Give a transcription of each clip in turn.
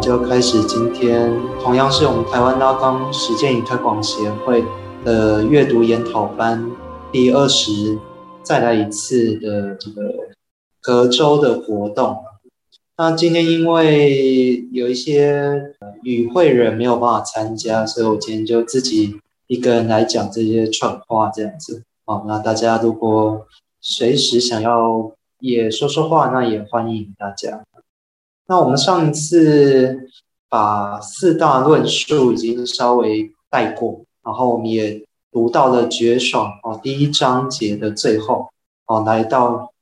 就開始今天，同樣是我們台灣拉岡實踐與推廣協會的閱讀研討班第二十再來一次的這個隔周的活動。那今天因為有一些、呃、與會人沒有辦法參加，所以我今天就自己一個人來講這些蠢話這樣子。好、哦，那大家如果隨時想要也說說話，那也歡迎大家。那我們上一次把四大論述已經稍微帶過，然後我們也讀到了絕爽哦，第一章節的最後哦，來到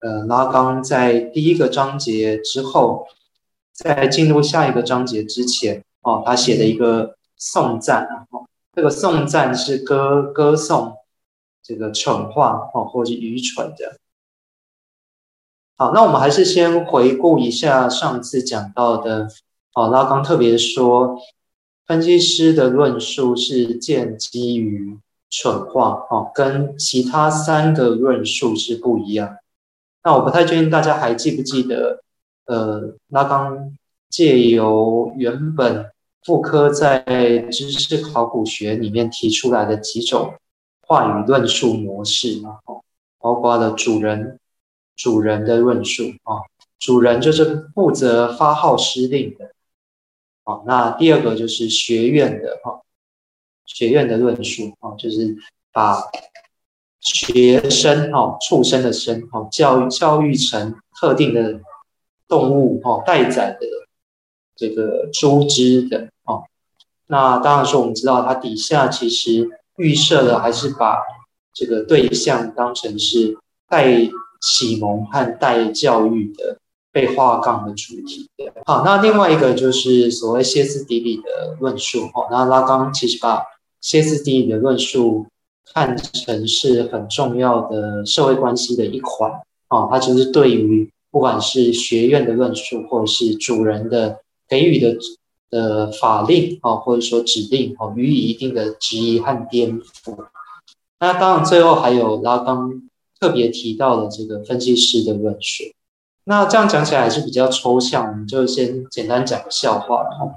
呃拉岡在第一個章節之後，在進入下一個章節之前哦，他寫了一個頌讚，哦，這個頌讚是歌歌頌這個蠢話，哦，或者是愚蠢的。好，那我們還是先回顧一下上次講到的哦。拉岡特別說，分析師的論述是建基於蠢話，哦，跟其他三個論述是不一樣。那我不太確定大家還記不記得，呃，拉岡借由原本傅柯在知識考古學裡面提出來的幾種話語論述模式，然後包括了主人。主人的論述啊，主人就是負責發號施令的，哦，那第二個就是學院的哈，學院的論述啊，就是把學生哦，畜生的生哦，教育教育成特定的動物哦，待宰的這個豬隻的哦。那當然說我們知道，它底下其實預設的還是把這個對象當成是待。啟蒙和代教育的被劃槓的主體。好，那另外一個就是所謂歇斯底里的論述。那拉岡其實把歇斯底里的論述看成是很重要的社會關係的一環。啊，它就是對於不管是學院的論述，或者是主人的給予的的、呃、法令哦、啊，或者說指令哦、啊，予以一定的質疑和顛覆。那當然，最後還有拉岡。特別提到了這個分析師的論述，那這樣講起來還是比較抽象，我們就先簡單講個笑話然後、哦、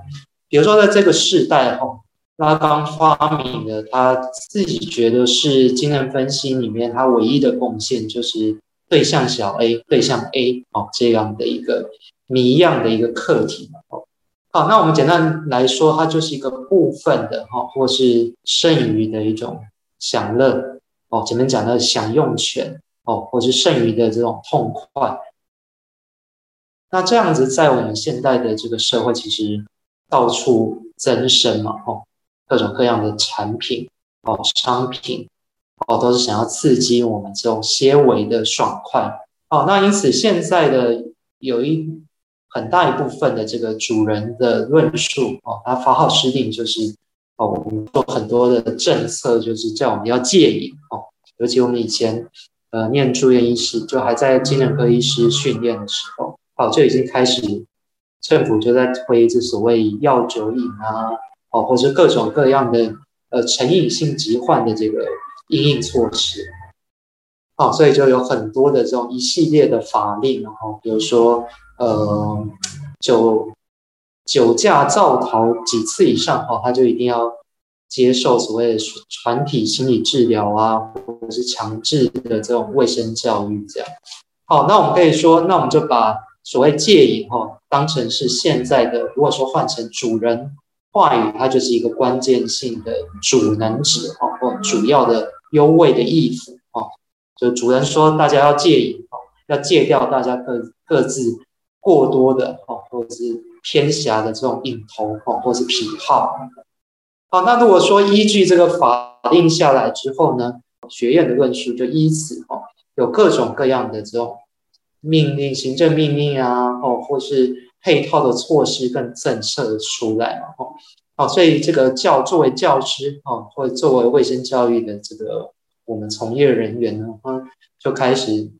比如說在這個時代哈、哦，拉岡發明的他自己覺得是精神分析裡面他唯一的貢獻，就是對象小 a、嗯、對象 a 哦，這樣的一個謎一樣的一個課題哦。好，那我們簡單來說，它就是一個部分的哈、哦，或是剩餘的一種享樂。哦，前面講到享用權哦，或者剩餘的這種痛快，那這樣子在我們現代的這個社會，其實到處增生嘛，哦，各種各樣的產品哦，商品哦，都是想要刺激我們這種些微的爽快哦。那因此現在的有一很大一部分的這個主人的論述哦，他發號施令就是。哦，我們做很多的政策，就是叫我們要戒癮哦。尤其我們以前，呃，念住院醫師，就還在精神科醫師訓練的時候，哦，就已經開始政府就在推這所謂藥酒癮啊，哦，或者各種各樣的呃成癮性疾患的這個因應措施，哦，所以就有很多的這種一系列的法令，然後，哦，比如說，呃，就。酒駕肇逃幾次以上哈、哦，他就一定要接受所謂的團體心理治療啊，或者是強制的這種衛生教育這樣。好，那我們可以說，那我們就把所謂戒癮哈、哦，當成是現在的如果說換成主人話語，它就是一個關鍵性的主能指哈，或、哦、主要的優位的意符哈，就主人說大家要戒癮哈、哦，要戒掉大家各各自過多的哈，或者是。偏狹的這種癮頭哦，或是癖好。好、啊，那如果說依據這個法定下來之後呢，學院的論述就依此、哦、有各種各樣的這種命令、行政命令啊，哦，或是配套的措施跟政策出來好、哦啊，所以這個教作為教師或、哦、或作為衛生教育的這個我們從業人員呢、啊，就開始，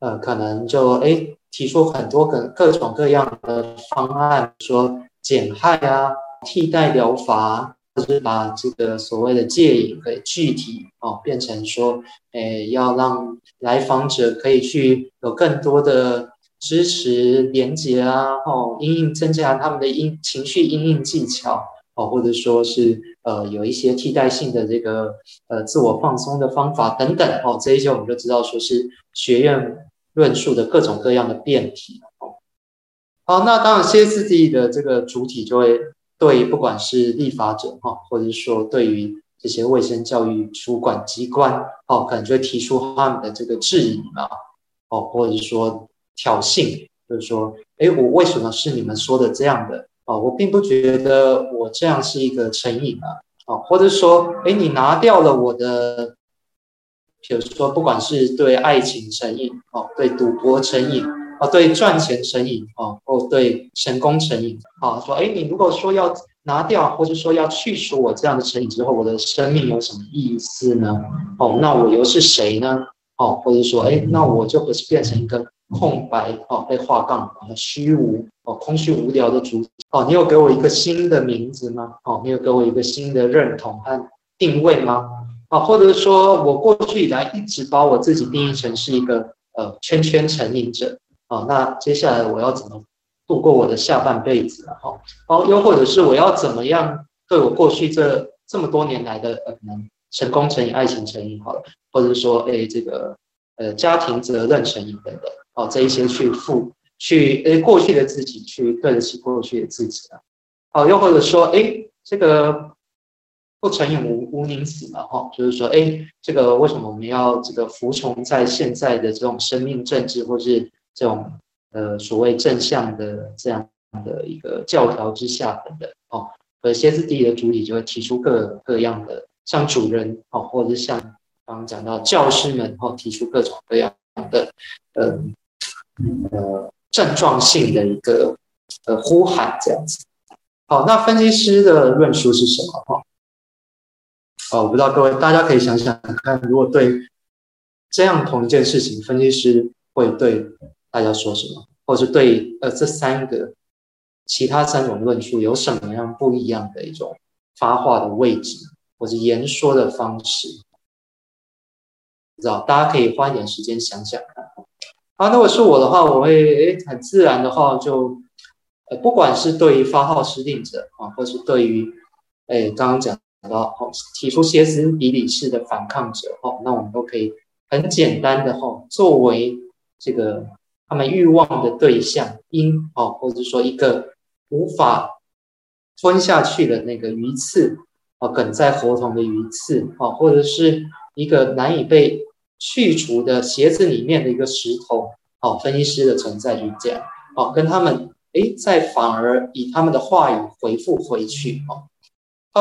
呃，可能就誒提出很多各各種各樣的方案，說減害啊、替代療法，就是把這個所謂的戒癮可以具體哦，變成說，誒、欸，要讓來訪者可以去有更多的支持連接啊，哦，因應增加他們的因，情緒因應技巧哦，或者說是呃，有一些替代性的這個呃自我放鬆的方法等等，哦，這一些我們就知道說是學院。論述的各種各樣的辯題哦，好，那當然，歇斯底里的這個主體就會對不管是立法者哈，或者是說對於這些衛生教育主管機關哦，可能就會提出他們的這個質疑啊。哦，或者是說挑釁，就是說，哎，我為什麼是你們說的這樣的哦，我並不覺得我這樣是一個成癮啊，哦，或者說，哎，你拿掉了我的。比如說，不管是對愛情成癮哦，對賭博成癮哦，對賺錢成癮哦，哦，對成功成癮哦，說哎，你如果說要拿掉，或者說要去除我這樣的成癮之後，我的生命有什麼意思呢？哦，那我又是誰呢？哦，或者說哎，那我就不是變成一個空白哦，被劃槓虛無哦，空虛無聊的主體哦，你有給我一個新的名字嗎？哦，你有給我一個新的認同和定位嗎？啊，或者說，我過去以來一直把我自己定義成是一個呃圈圈成癮者啊、哦，那接下來我要怎麼度過我的下半輩子了、啊、好哦，又或者是我要怎麼樣對我過去這這麼多年來的可能、呃、成功成癮、愛情成癮好了，或者說哎這個呃家庭責任成癮等等，哦，這一些去負去哎過去的自己去對得起過去的自己啊，哦、又或者說哎這個不成癮。毋寧死了哈，就是說，哎、欸，這個為什麼我們要這個服從在現在的這種生命政治，或是這種呃所謂正向的這樣的一個教條之下等等哦，而歇斯底里的主體就會提出各各樣的，像主人哦，或者是像剛剛講到教師們哦，提出各種各樣的呃呃症狀性的一個呃呼喊這樣子。好，那分析師的論述是什麼哈？哦、啊，我不知道各位，大家可以想想看，如果對這樣同一件事情，分析師會對大家說什麼，或是對呃這三個其他三種論述有什麼樣不一樣的一種發話的位置，或是言說的方式？不知道，大家可以花一點時間想想看。啊，如果是我的話，我會哎，很自然的話就呃，不管是對於發號施令者啊，或是對於哎剛剛講。好的，哦，提出歇斯底里式的反抗者哦，那我們都可以很簡單的哦，作為這個他們欲望的對象因哦，或者說一個無法吞下去的那個魚刺哦，梗在喉嚨的魚刺哦，或者是一個難以被去除的鞋子裡面的一個石頭哦，分析師的存在就是這樣哦，跟他們誒，再反而以他們的話語回復回去哦。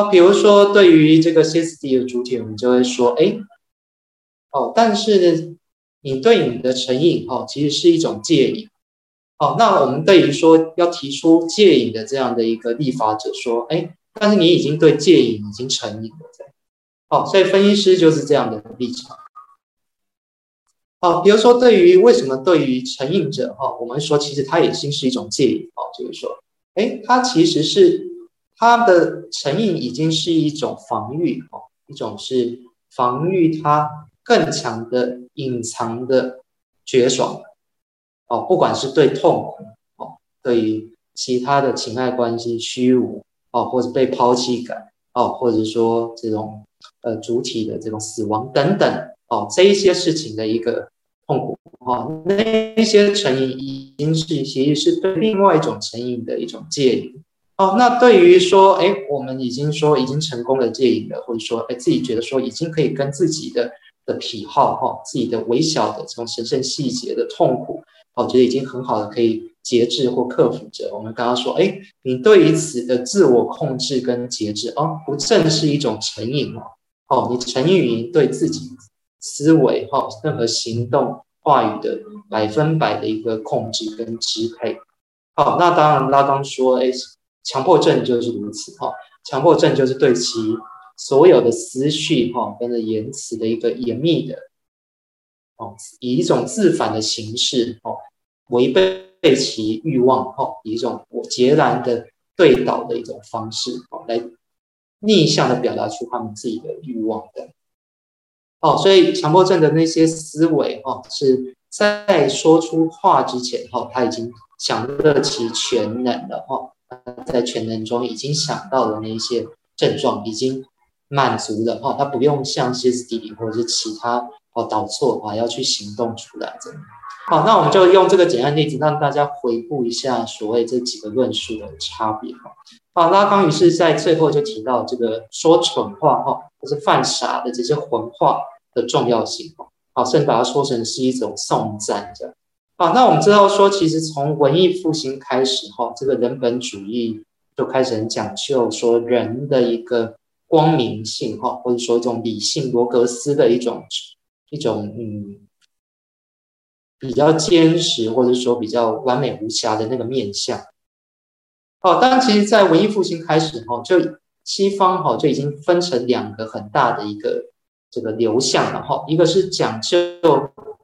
比如說，對於這個 CSD 的主體，我們就會說，哎，哦，但是你對你的成癮，哦，其實是一種戒癮，哦。那我們對於說要提出戒癮的這樣的一個立法者說，哎，但是你已經對戒癮已經成癮了，這樣。哦，所以分析師就是這樣的立場。哦，比如說，對於為什麼對於成癮者，哦，我們說其實他已經是一種戒癮，哦，就是說，哎，他其實是。他的成癮已經是一種防禦哦，一種是防禦他更強的隱藏的絕爽哦，不管是對痛苦哦，對於其他的情愛關係虛無哦，或者是被拋棄感哦，或者說這種呃主體的這種死亡等等哦，這一些事情的一個痛苦哦，那一些成癮已經是其實是對另外一種成癮的一種戒癮。哦，那對於說，哎，我們已經說已經成功的戒癮了，或者說，哎，自己覺得說已經可以跟自己的的癖好哈、哦，自己的微小的這種神聖細節的痛苦，哦，覺得已經很好的可以節制或克服着。我們剛剛說，哎，你對於此的自我控制跟節制，哦，不正是一種成癮嗎？哦，你成癮於對自己思維哈、哦、任何行動、話語的百分百的一個控制跟支配。好，那當然，拉岡說，哎。強迫症就是如此哈，強迫症就是對其所有的思緒哈，跟着言辭的一個嚴密的哦，以一種自反的形式哦，違背其欲望哈，以一種截然的對倒的一種方式哦，來逆向的表達出他們自己的欲望的哦，所以強迫症的那些思維哈是在說出話之前哈，他已經享樂其全能了哈。在全能中已經想到的那一些症狀，已經滿足了哈、哦，他不用像歇斯底里或者是其他哦倒錯的話，要去行動出來。好，那我們就用這個簡單例子讓大家回顧一下所謂這幾個論述的差別哈。啊、哦，拉康於是在最後就提到這個說蠢話哈，或是犯傻的這些混話的重要性哈。好，甚至把它說成是一種頌讚這樣。好、啊，那我們知道說，其實從文藝復興開始後，這個人本主義就開始很講究說人的一個光明性哈，或者說一種理性，羅格斯的一種一種嗯，比較堅實或者說比較完美無瑕的那個面相。哦、啊，當然，其實，在文藝復興開始後，就西方哈就已經分成兩個很大的一個這個流向了哈，一個是講究。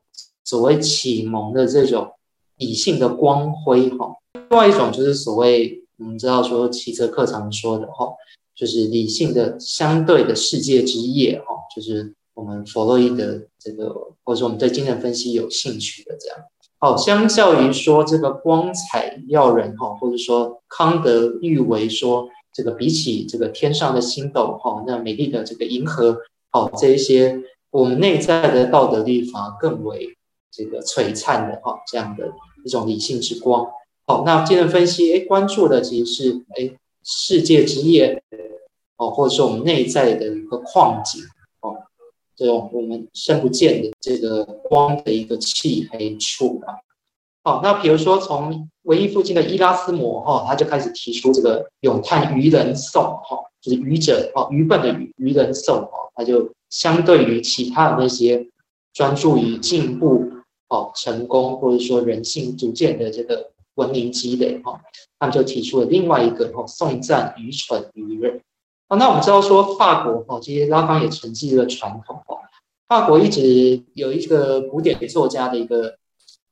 所謂啟蒙的這種理性的光輝哈、哦，另外一種就是所謂我們知道說齊澤克常說的哈、哦，就是理性的相對的世界之夜哈、哦，就是我們弗洛伊德這個，或者我們對精神分析有興趣的這樣。哦，相較於說這個光彩耀人哈、哦，或者說康德譽為說這個比起這個天上的星斗哈，那美麗的這個銀河好、哦、這一些，我們內在的道德律法更為。這個璀璨的哈、哦，這樣的一種理性之光。好、哦，那今天分析，哎，關注的其實是哎，世界之夜哦，或者是我們內在的一個礦井哦，這種我們深不見的這個光的一個漆黑處啊。好、哦，那比如說從文藝復興的伊拉斯謨，哈、哦，他就開始提出這個“詠嘆愚人頌”哈，就是愚者哈、哦，愚笨的愚愚人頌哈、哦，他就相對於其他的那些專注於進步。哦，成功或者說人性逐漸的這個文明積累哈、哦，他們就提出了另外一個哦，頌讚愚蠢愚人。哦、啊，那我們知道說法國哈、哦，其實拉方也承繼這個傳統哈、哦，法國一直有一個古典作家的一個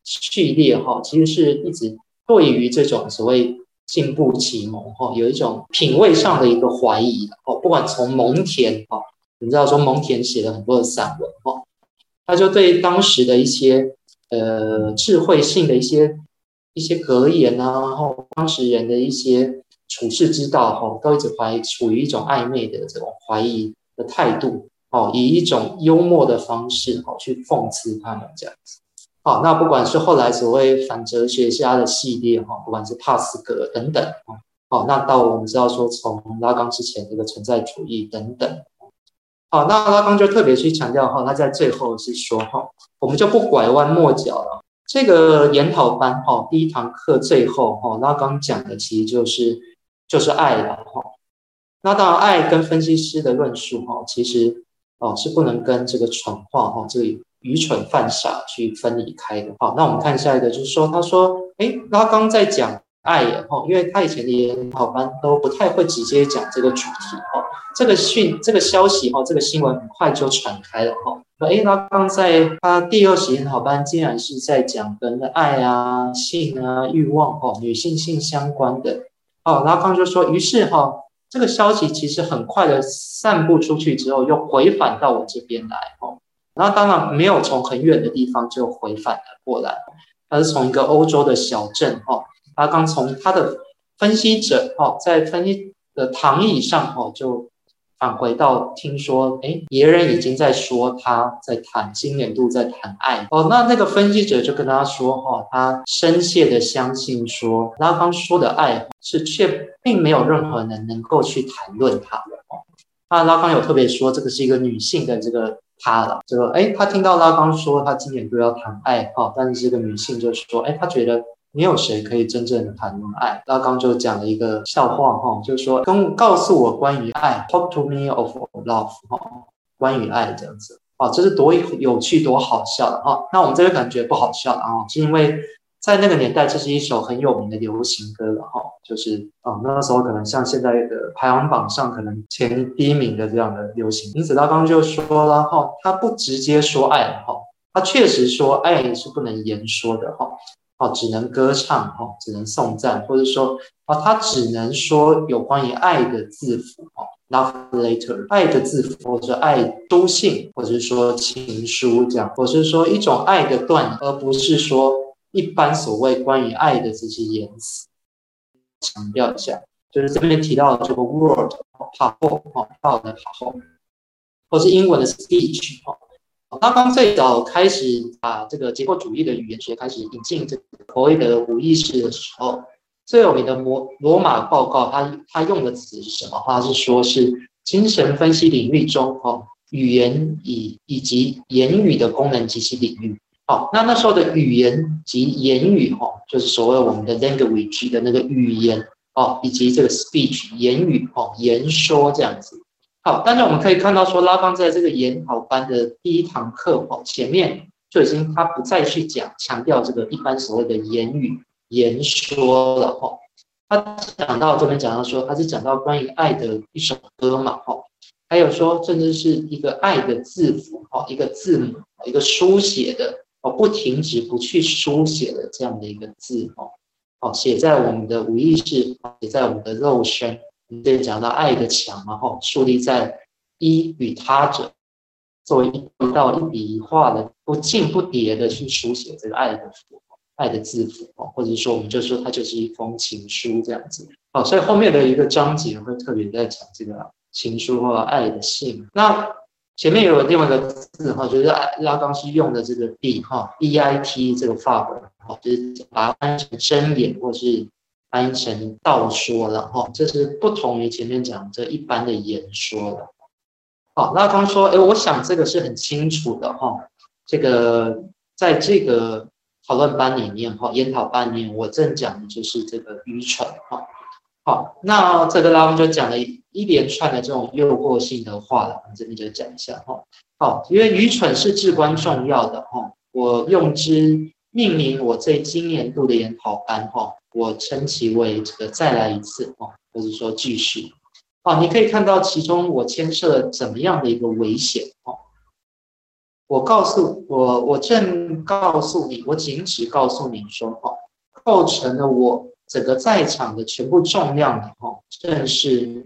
序列哈、哦，其實是一直對於這種所謂進步啟蒙哈、哦，有一種品味上的一個懷疑哦，不管從蒙田哈、哦，你知道說蒙田寫了很多的散文哈、哦，他就對當時的一些。呃，智慧性的一些一些格言吶、啊，然、哦、後當事人的一些處世之道，哈、哦，都一直懷疑處於一種曖昧的這種懷疑的態度，哦，以一種幽默的方式，哦，去諷刺他們這樣子，好、哦，那不管是後來所謂反哲學家的系列，哈、哦，不管是帕斯格等等，哦，那到我們知道說，從拉岡之前這個存在主義等等。好，那拉岡就特別去強調哈，他在最後是說哈，我們就不拐彎抹角了。這個研討班哈，第一堂課最後哈，拉岡講的其實就是就是愛了哈。那當然，愛跟分析師的論述哈，其實哦是不能跟這個蠢話哈，這個愚蠢犯傻去分離開的哈。那我們看下一個，就是說他說，誒，拉岡在講。愛也好、啊，因為他以前的研討班都不太會直接講這個主題哦。這個訊，這個消息哦，這個新聞很快就傳開了哦。誒他剛在他第二期研討班，竟然是在講人的愛啊、性啊、欲望哦，女性性相關的哦。然後剛就說，於是哈、哦，這個消息其實很快的散布出去之後，又回返到我這邊來哦。然後當然沒有從很遠的地方就回返了過來，而是從一個歐洲的小鎮哦。拉岡從他的分析者哈、哦，在分析的躺椅上哈、哦，就返回到聽說，誒，別人已經在說他在談經典度，在談愛哦。那那個分析者就跟他說哈、哦，他深切的相信說，拉岡說的愛是，卻並沒有任何人能夠去談論他。哦，那拉岡有特別說，這個是一個女性的這個他了，這個誒，他聽到拉岡說他今年度要談愛哈、哦，但是這個女性就說，誒，他覺得。你有誰可以真正的談論愛？拉岡剛就講了一個笑話哈、哦，就是說跟告訴我關於愛，Talk to me of love 哈、哦，關於愛這樣子啊、哦，這是多有趣多好笑的哈、哦。那我們這邊感覺不好笑的、哦、是因為在那個年代，這是一首很有名的流行歌了哈、哦，就是啊、哦，那時候可能像現在的排行榜上可能前第一名的這樣的流行。因此，拉岡剛就說了哈、哦，他不直接說愛哈、哦，他確實說愛是不能言說的哈。哦哦，只能歌唱哦，只能頌讚，或者說哦，他只能說有關於愛的字符哦，love letter，愛的字符，或者說愛書信，或者是說情書這樣，或是說一種愛的段，而不是說一般所謂關於愛的這些言辭。強調一下，就是這邊提到的這個 word，parole 喔，parole 的 parole，或是英文的 speech 哦。啊、剛剛最早開始把、啊、這個結構主義的語言學開始引進這個弗洛伊德的無意識的時候，最有名的羅羅馬報告它，他它用的詞是什麼話？它是說是精神分析領域中哦，語言以以及言語的功能及其領域。哦，那那時候的語言及言語哦，就是所謂我們的 language 的那個語言哦，以及這個 speech 言語哦，言說這樣子。好，但是我們可以看到說，拉岡在這個研討班的第一堂課哦，前面就已經他不再去講強調這個一般所謂的言語言說了哈，他講到這邊講到說，他是講到關於愛的一首歌嘛哦，還有說甚至是一個愛的字符哈，一個字母，一個書寫的哦，不停止不去書寫的這樣的一個字哦。哦，寫在我們的無意識，寫在我們的肉身。對，講到愛的牆，然後樹立在一與他者，作為一道一筆一畫的不進不迭，的去書寫這個愛的符號、愛的字符，或者說我們就說它就是一封情書這樣子，哦，所以後面的一個章節會特別在講這個情書或愛的信。那前面有另外一個字哈，就是拉岡是用的這個 b 哈，b i t 這個法文，哦，就是把它當成真言或是。翻譯成道說了哈，這是不同於前面講這一般的言說的。好、哦，那他說，哎，我想這個是很清楚的哈、哦。這個在這個討論班裡面哈、哦，研討班裡面，我正講的就是這個愚蠢哈。好、哦，那這個拉岡就講了一連串的這種誘惑性的話了，這邊就講一下哈。好、哦，因為愚蠢是至關重要的哈、哦，我用之命名我最今年度的研討班哈。哦我稱其為這個再來一次哦，或者說繼續哦。你可以看到其中我牽涉了怎麼樣的一個危險哦。我告訴我，我正告訴你，我僅僅告訴你說哦，構成了我整個在場的全部重量的哦，正是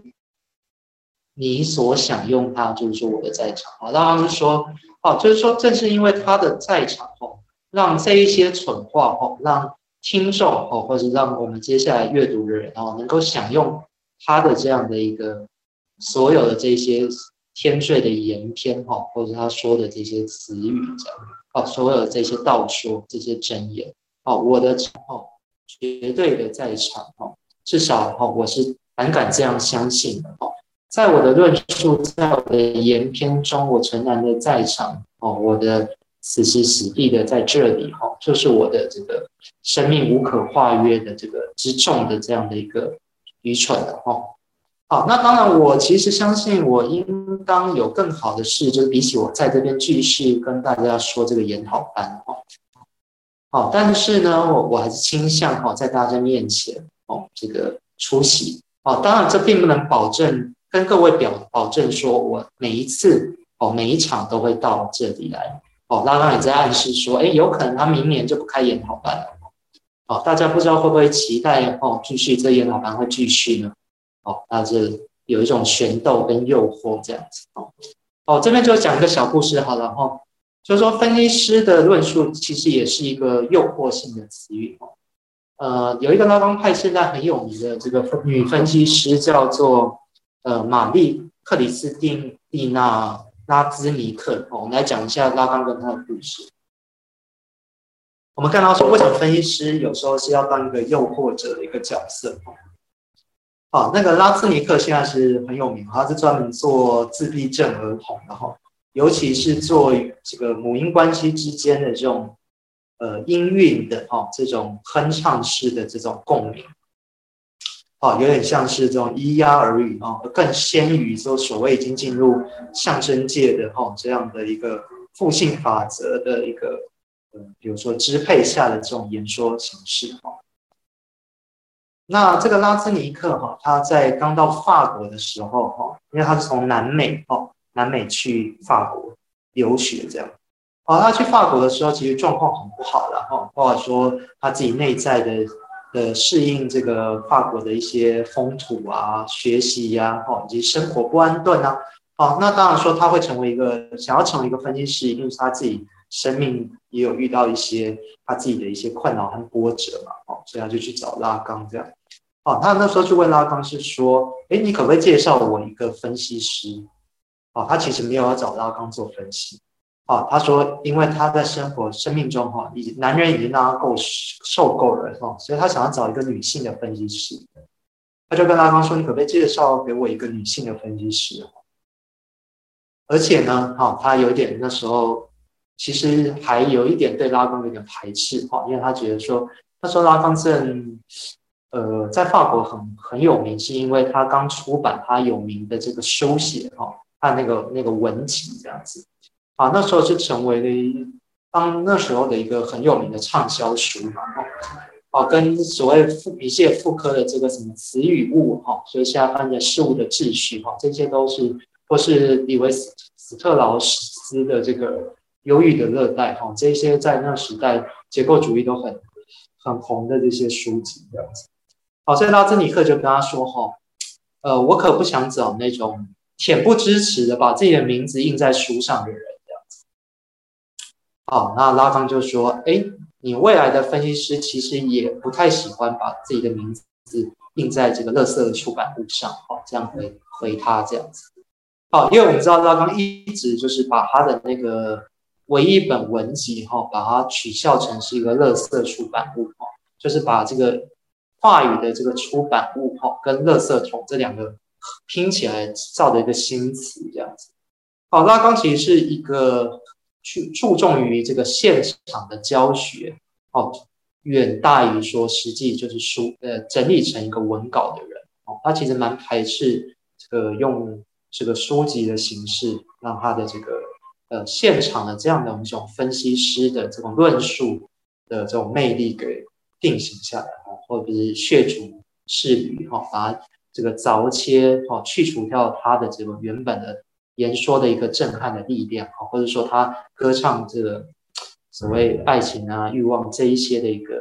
你所享用它，就是說我的在場。好、哦，那他們說哦，就是說正是因為他的在場哦，讓這一些蠢話哦，讓。聽眾哦，或者讓我們接下來閱讀的人哦，能夠享用他的這樣的一個所有的這些天罪的言篇哦，或者他說的這些詞語這樣哦，所有的這些道說這些真言，哦，我的哦絕對的在場哦，至少哦，我是膽敢這樣相信的哦，在我的論述，在我的言篇中，我承擔的在場哦，我的。此時此地的在這裡哈，就是我的這個生命無可化約的這個之重的這樣的一個愚蠢的哈。好，那當然我其實相信我應當有更好的事，就是比起我在這邊繼續跟大家說這個研討班哦。好，但是呢，我我還是傾向哈在大家面前哦這個出席哦。當然這並不能保證跟各位表保證說我每一次哦每一場都會到這裡來。哦，拉岡也在暗示說，誒，有可能他明年就不開研討班了。哦，大家不知道會不會期待哦，繼續這研討班會繼續呢？哦，那這有一種懸鬥跟誘惑這樣子哦。哦，這邊就講一個小故事好了哈、哦，就是說分析師的論述其實也是一個誘惑性的詞語、哦、呃，有一個拉岡派現在很有名的這個女分析師叫做呃瑪麗克里斯蒂蒂娜。拉茲尼克，我們來講一下拉岡跟他的故事。我們看到說，為什麼分析師有時候是要當一個誘惑者的一個角色？好、啊，那個拉茲尼克現在是很有名，他是專門做自閉症兒童的哈，尤其是做這個母嬰關係之間的這種呃音韻的哈、啊，這種哼唱式的這種共鳴。哦，有點像是這種咿呀兒語哦，更先於說所謂已經進入象徵界的哦，這樣的一個父性法則的一個、呃、比如說支配下的這種演說形式哈、哦。那這個拉茲尼克哈、哦，他在剛到法國的時候哈，因為他是從南美哦，南美去法國留學這樣，哦，他去法國的時候其實狀況很不好了哈，或、哦、者說他自己內在的。呃，適應這個跨國的一些風土啊，學習呀，哦，以及生活不安頓啊。哦，那當然說他會成為一個想要成為一個分析師，一定是他自己生命也有遇到一些他自己的一些困擾和波折嘛，哦，所以他就去找拉岡這樣，哦，他那時候去問拉岡是說，哎，你可不可以介紹我一個分析師？哦，他其實沒有要找拉岡做分析。哦，他說，因為他在生活生命中哈，已男人已經讓他夠受夠了哈，所以他想要找一個女性的分析師。他就跟拉康說：“你可不可以介紹給我一個女性的分析師？”而且呢，哈，他有點那時候其實還有一點對拉康有點排斥哈，因為他覺得說，他說拉康正呃在法國很很有名，是因為他剛出版他有名的這個書寫哈，他那個那個文集這樣子。啊，那時候是成為了一當那時候的一個很有名的暢銷書嘛，哦、啊，哦、啊，跟所謂傅一些傅柯的這個什麼詞與物哈、啊，所以現在按照事物的秩序哈、啊，這些都是或是李維斯特勞斯的這個憂鬱的熱帶哈，這些在那時代結構主義都很很紅的這些書籍這樣子。好，所以到這尼課就跟他說哈，呃、啊，我可不想找那種恬不知恥的把自己的名字印在書上的人。哦，那拉康就說：“哎，你未來的分析師其實也不太喜歡把自己的名字印在這個垃圾的出版物上。哦”哈，這樣回回他這樣子。好、哦，因為我們知道拉康一直就是把他的那個唯一一本文集哈、哦，把它取笑成是一個垃圾出版物哈、哦，就是把這個話語的這個出版物哈、哦，跟垃圾桶這兩個拼起來造的一個新詞這樣子。好，拉康其實是一個。去注重於這個現場的教學，哦，遠大於說實際就是書呃整理成一個文稿的人，哦，他其實蠻排斥這個用這個書籍的形式，讓他的這個呃現場的這樣的一種分析師的這種論述的這種魅力給定型下來，哦，或者是削足適履，哈、哦，把這個鑿切，哦，去除掉他的這個原本的。言說的一個震撼的力量啊，或者說他歌唱這個所謂愛情啊、嗯、欲望這一些的一個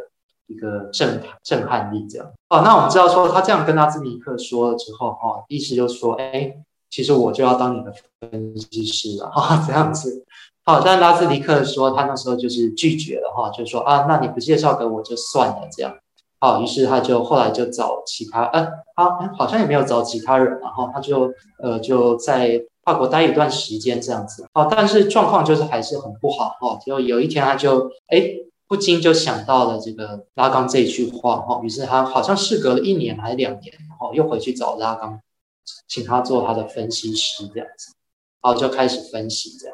一個震震撼力這樣。好，那我們知道說他這樣跟拉茲尼克說了之後啊，意、哦、思就說哎，其實我就要當你的分析師了這、哦、樣子。好、哦，但拉茲尼克說他那時候就是拒絕了哈、哦，就說啊，那你不介紹給我就算了這樣。好、哦，於是他就後來就找其他，呃、啊，好像也沒有找其他人，然後他就呃就在。跨國待一段時間這樣子哦，但是狀況就是還是很不好哦，就有一天他就哎不禁就想到了這個拉岡這一句話哦，於是他好像事隔了一年還是兩年後又回去找拉岡，請他做他的分析師這樣子，好就開始分析這樣。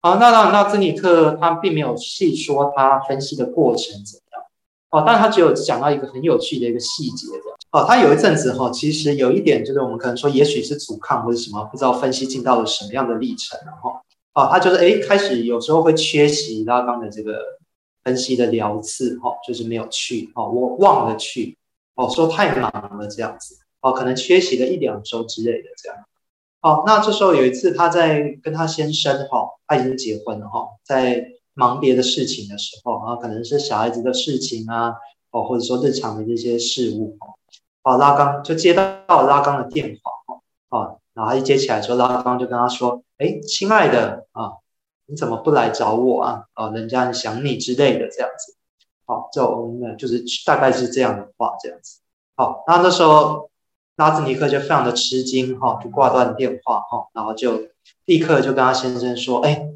好，那那那珍尼特他並沒有細說他分析的過程怎樣，哦，但他只有講到一個很有趣的一個細節這樣。哦，他有一陣子哈、哦，其實有一點就是我們可能說，也許是阻抗或者什麼，不知道分析進到了什麼樣的歷程哈、啊。哦、啊，他就是誒開始有時候會缺席拉岡的這個分析的聊次哦，就是沒有去哦，我忘了去哦，說太忙了這樣子哦，可能缺席了一兩周之類的這樣。哦，那這時候有一次他在跟他先生哈、哦，他已經結婚了哈、哦，在忙別的事情的時候啊，可能是小孩子的事情啊，哦，或者說日常的這些事務哦。哦，拉岡就接到拉岡的電話，哦，然後一接起來之後，拉岡就跟他說：“哎，親愛的啊、哦，你怎麼不來找我啊？哦，人家很想你之類的，這樣子。好、哦，就我們就是大概是這樣的話，這樣子。好、哦，那那時候拉茲尼克就非常的吃驚，哈、哦，就掛斷電話，哈、哦，然後就立刻就跟他先生說：哎，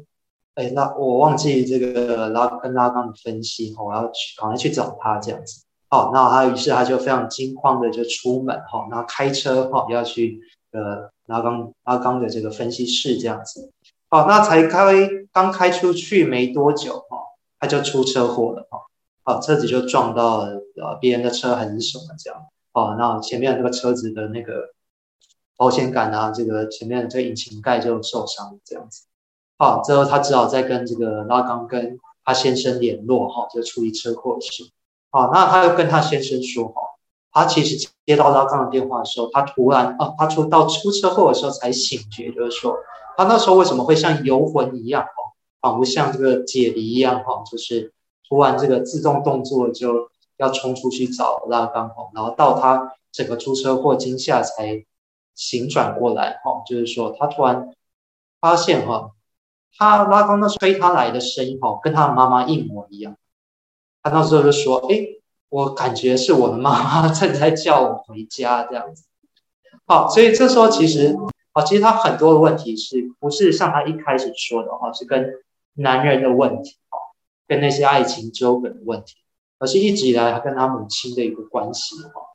哎，那我忘記這個拉跟拉岡的分析，我要去，趕快去找他，這樣子。”哦，那他於是他就非常驚慌的就出門哈、哦，然後開車哈、哦，要去呃拉岡拉岡的這個分析室這樣子。好、哦，那才開剛開出去沒多久哈、哦，他就出車禍了哈，好、哦，車子就撞到了呃別、啊、人的車還是什麼這樣。好、哦，那前面那個車子的那個保險桿啊，這個前面的這個引擎蓋就受傷這樣子。好、哦，之後他只好在跟這個拉岡跟他先生聯絡哈、哦，就處理車禍的事。好、啊、那她又跟她先生說，哈、啊，她其實接到拉岡的電話的時候，她突然，啊，她出到出車禍的時候才醒覺，就是說，她那時候為什麼會像游魂一樣，哦、啊，仿佛像這個解離一樣，哈、啊，就是突然這個自動動作就要衝出去找拉岡，哈、啊，然後到她整個出車禍驚嚇才醒轉過來，哈、啊，就是說，她突然發現，哈、啊，她拉岡那吹她來的聲音，哈、啊，跟她媽媽一模一樣。他到時候就說：“誒、欸、我感覺是我的媽媽正在叫我回家這樣子。”好，所以這時候其實，啊，其實他很多的問題是不是像他一開始說的哈，是跟男人的問題哈，跟那些愛情糾葛的問題，而是一直以來他跟他母親的一個關係哈。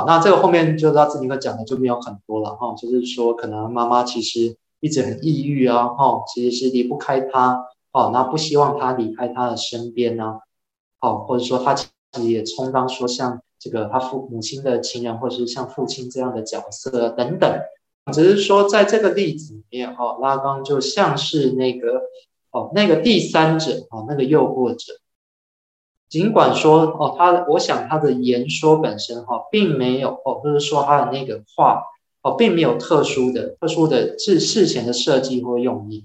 好，那這個後面就到這裡哥講的就沒有很多了哈，就是說可能媽媽其實一直很抑鬱啊，哈，其實是離不開他。哦，那不希望他離開他的身邊呢、啊？哦，或者說他其實也充當說像這個他父母親的情人，或者是像父親這樣的角色等等。只是說在這個例子裡面，哦，拉岡就像是那個哦那個第三者哦那個誘惑者。盡管說哦，他我想他的言說本身哈、哦，並沒有哦，就是說他的那個話哦，並沒有特殊的特殊的是事前的設計或用意。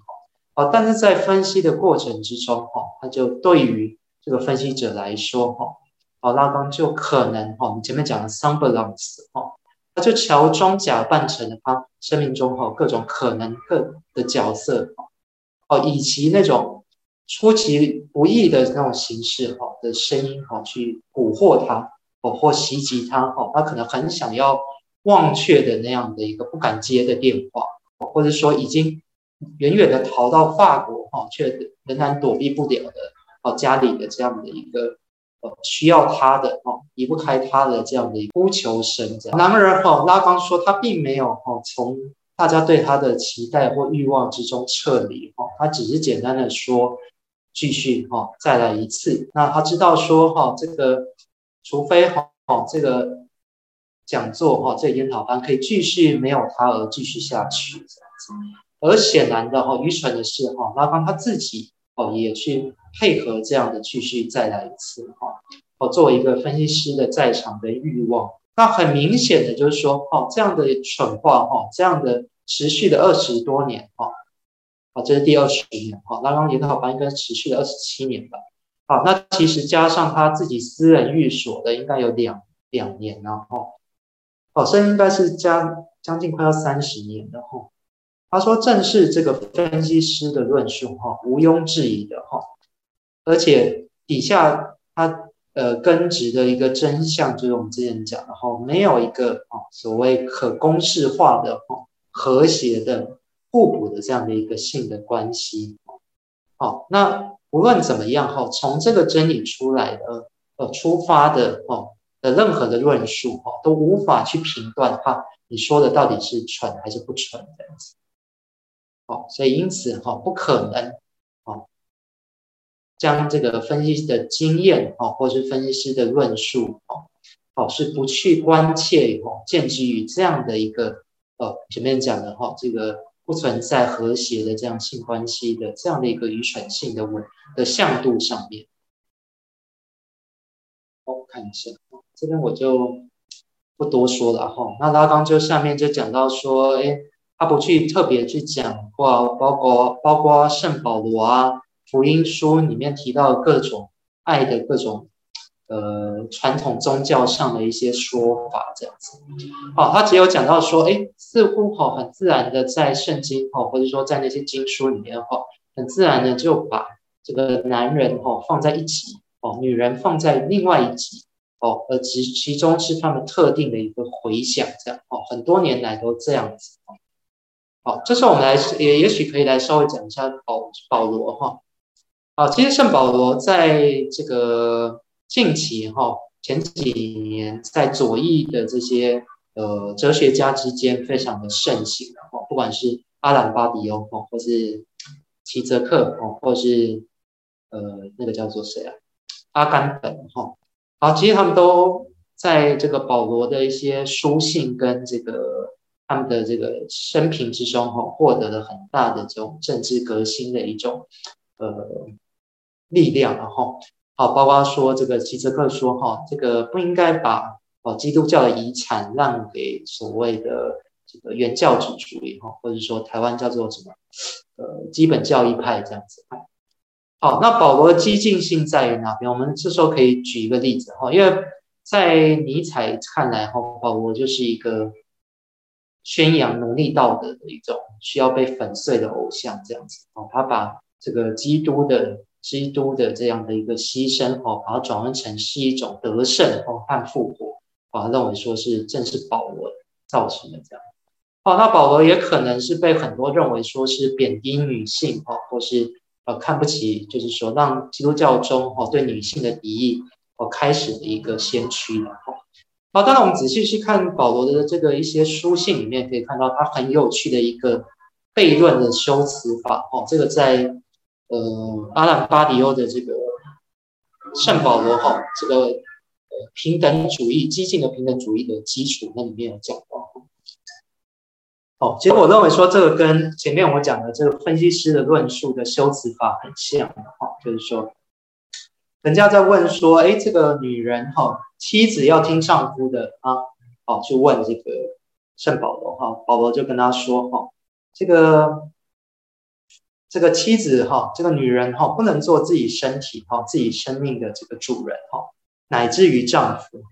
好，但是在分析的過程之中，哈，他就對於這個分析者來說，哈，哦，拉岡就可能，哈，我們前面講的 subterfuge，哈，他就喬裝假扮成了他生命中，哈，各種可能的角色，哦，以及那種出其不意的那種形式，哈，的聲音，哈，去蠱惑他，哦，或襲擊他，哈，他可能很想要忘卻的那樣的一個不敢接的電話，或者說已經，遠遠的逃到法國，哈，卻仍然躲避不了的，哦，家裡的這樣的一個呃需要他的，哦，離不開他的這樣的一個呼求聲。男人，哈，拉康說他並沒有，哈，從大家對他的期待或慾望之中撤離，哈，他只是簡單的說，繼續，哈，再來一次。那他知道說，哈，這個除非，哈，這個講座，哈，這研討班可以繼續沒有他而繼續下去，這樣子。而顯然的哈，愚蠢的是哈，拉康他自己哦也去配合這樣的繼續再來一次哈，哦作為一個分析師的在場的欲望，那很明顯的就是說哈，這樣的蠢話哈，這樣的持續的二十多年哈，啊、就、這是第二十年哈，拉康研討班應該持續了二十七年吧，啊那其實加上他自己私人寓所的應該有兩兩年了哈，哦這應該是將將近快要三十年了哈。他說：“正是這個分析師的論述、哦，哈，毋庸置疑的、哦，哈。而且底下他呃根植的一個真相，就是我們之前講的、哦，哈，沒有一個啊、哦、所謂可公式化的、哦、哈和諧的、互補的這樣的一個性的關係、哦。好、哦，那無論怎麼樣、哦，哈，從這個真理出來的、呃出發的、哦，哈的任何的論述、哦，哈都無法去評斷他你說的到底是蠢還是不蠢的，這樣子。”哦，所以因此哈，不可能哦，將這個分析師的經驗哦，或是分析師的論述哦，哦是不去關切哦，建基於這樣的一個哦，前面講的哈，這個不存在和諧的這樣性關係的這樣的一個愚蠢性的穩的向度上面。哦，看一下，這邊我就不多說了哈。那拉岡剛剛就下面就講到說，哎。他不去特別去講過，包括包括聖保羅啊，福音書裡面提到各種愛的各種呃傳統宗教上的一些說法，這樣子。哦，他只有講到說，哎、欸，似乎吼很自然的在聖經吼，或者說在那些經書裡面吼，很自然的就把這個男人吼放在一起，哦，女人放在另外一起，哦，而其其中是他們特定的一個回想，這樣哦，很多年來都這樣子。好，這時候我們來也也許可以來稍微講一下保保羅哈。好、啊，其實聖保羅在這個近期哈，前幾年在左翼的這些呃哲學家之間非常的盛行，然後不管是阿蘭巴迪歐哈，或是齊澤克哈，或是呃那個叫做誰啊阿甘本哈。好、啊，其實他們都在這個保羅的一些書信跟這個。他們的這個生平之中哈、哦，獲得了很大的這種政治革新的一種呃力量、哦，然後好，包括說這個齊澤克說哈、哦，這個不應該把哦基督教的遺產讓給所謂的這個原教旨主義哈、哦，或者說台灣叫做什麼呃基本教義派這樣子。好，那保羅的激進性在於哪邊？我們這時候可以舉一個例子哈、哦，因為在尼采看來哈、哦，保羅就是一個。宣揚奴隸道德的一種需要被粉碎的偶像，這樣子哦，他把這個基督的基督的這樣的一個犧牲哦，把它轉換成是一種得勝哦和復活，哦，把它認為說是正是保羅造成的這樣。哦，那保羅也可能是被很多認為說是貶低女性哦，或是呃看不起，就是說讓基督教中哦對女性的敵意哦開始的一個先驅了哦。好，當然，我們仔細去看保羅的這個一些書信裡面，可以看到他很有趣的一個悖論的修辭法。哦，這個在呃阿蘭巴迪歐的這個聖保羅哈，哦，這個呃平等主義激進的平等主義的基礎那裡面有講到。哦，其實我認為說這個跟前面我講的這個分析師的論述的修辭法很像。哦，就是說。人家在問說：“哎，這個女人哈，妻子要聽丈夫的啊？”哦，去問這個聖保羅哈，保羅就跟他說：“哈，這個這個妻子哈，這個女人哈，不能做自己身體哈、自己生命的這個主人哈，乃至於丈夫。”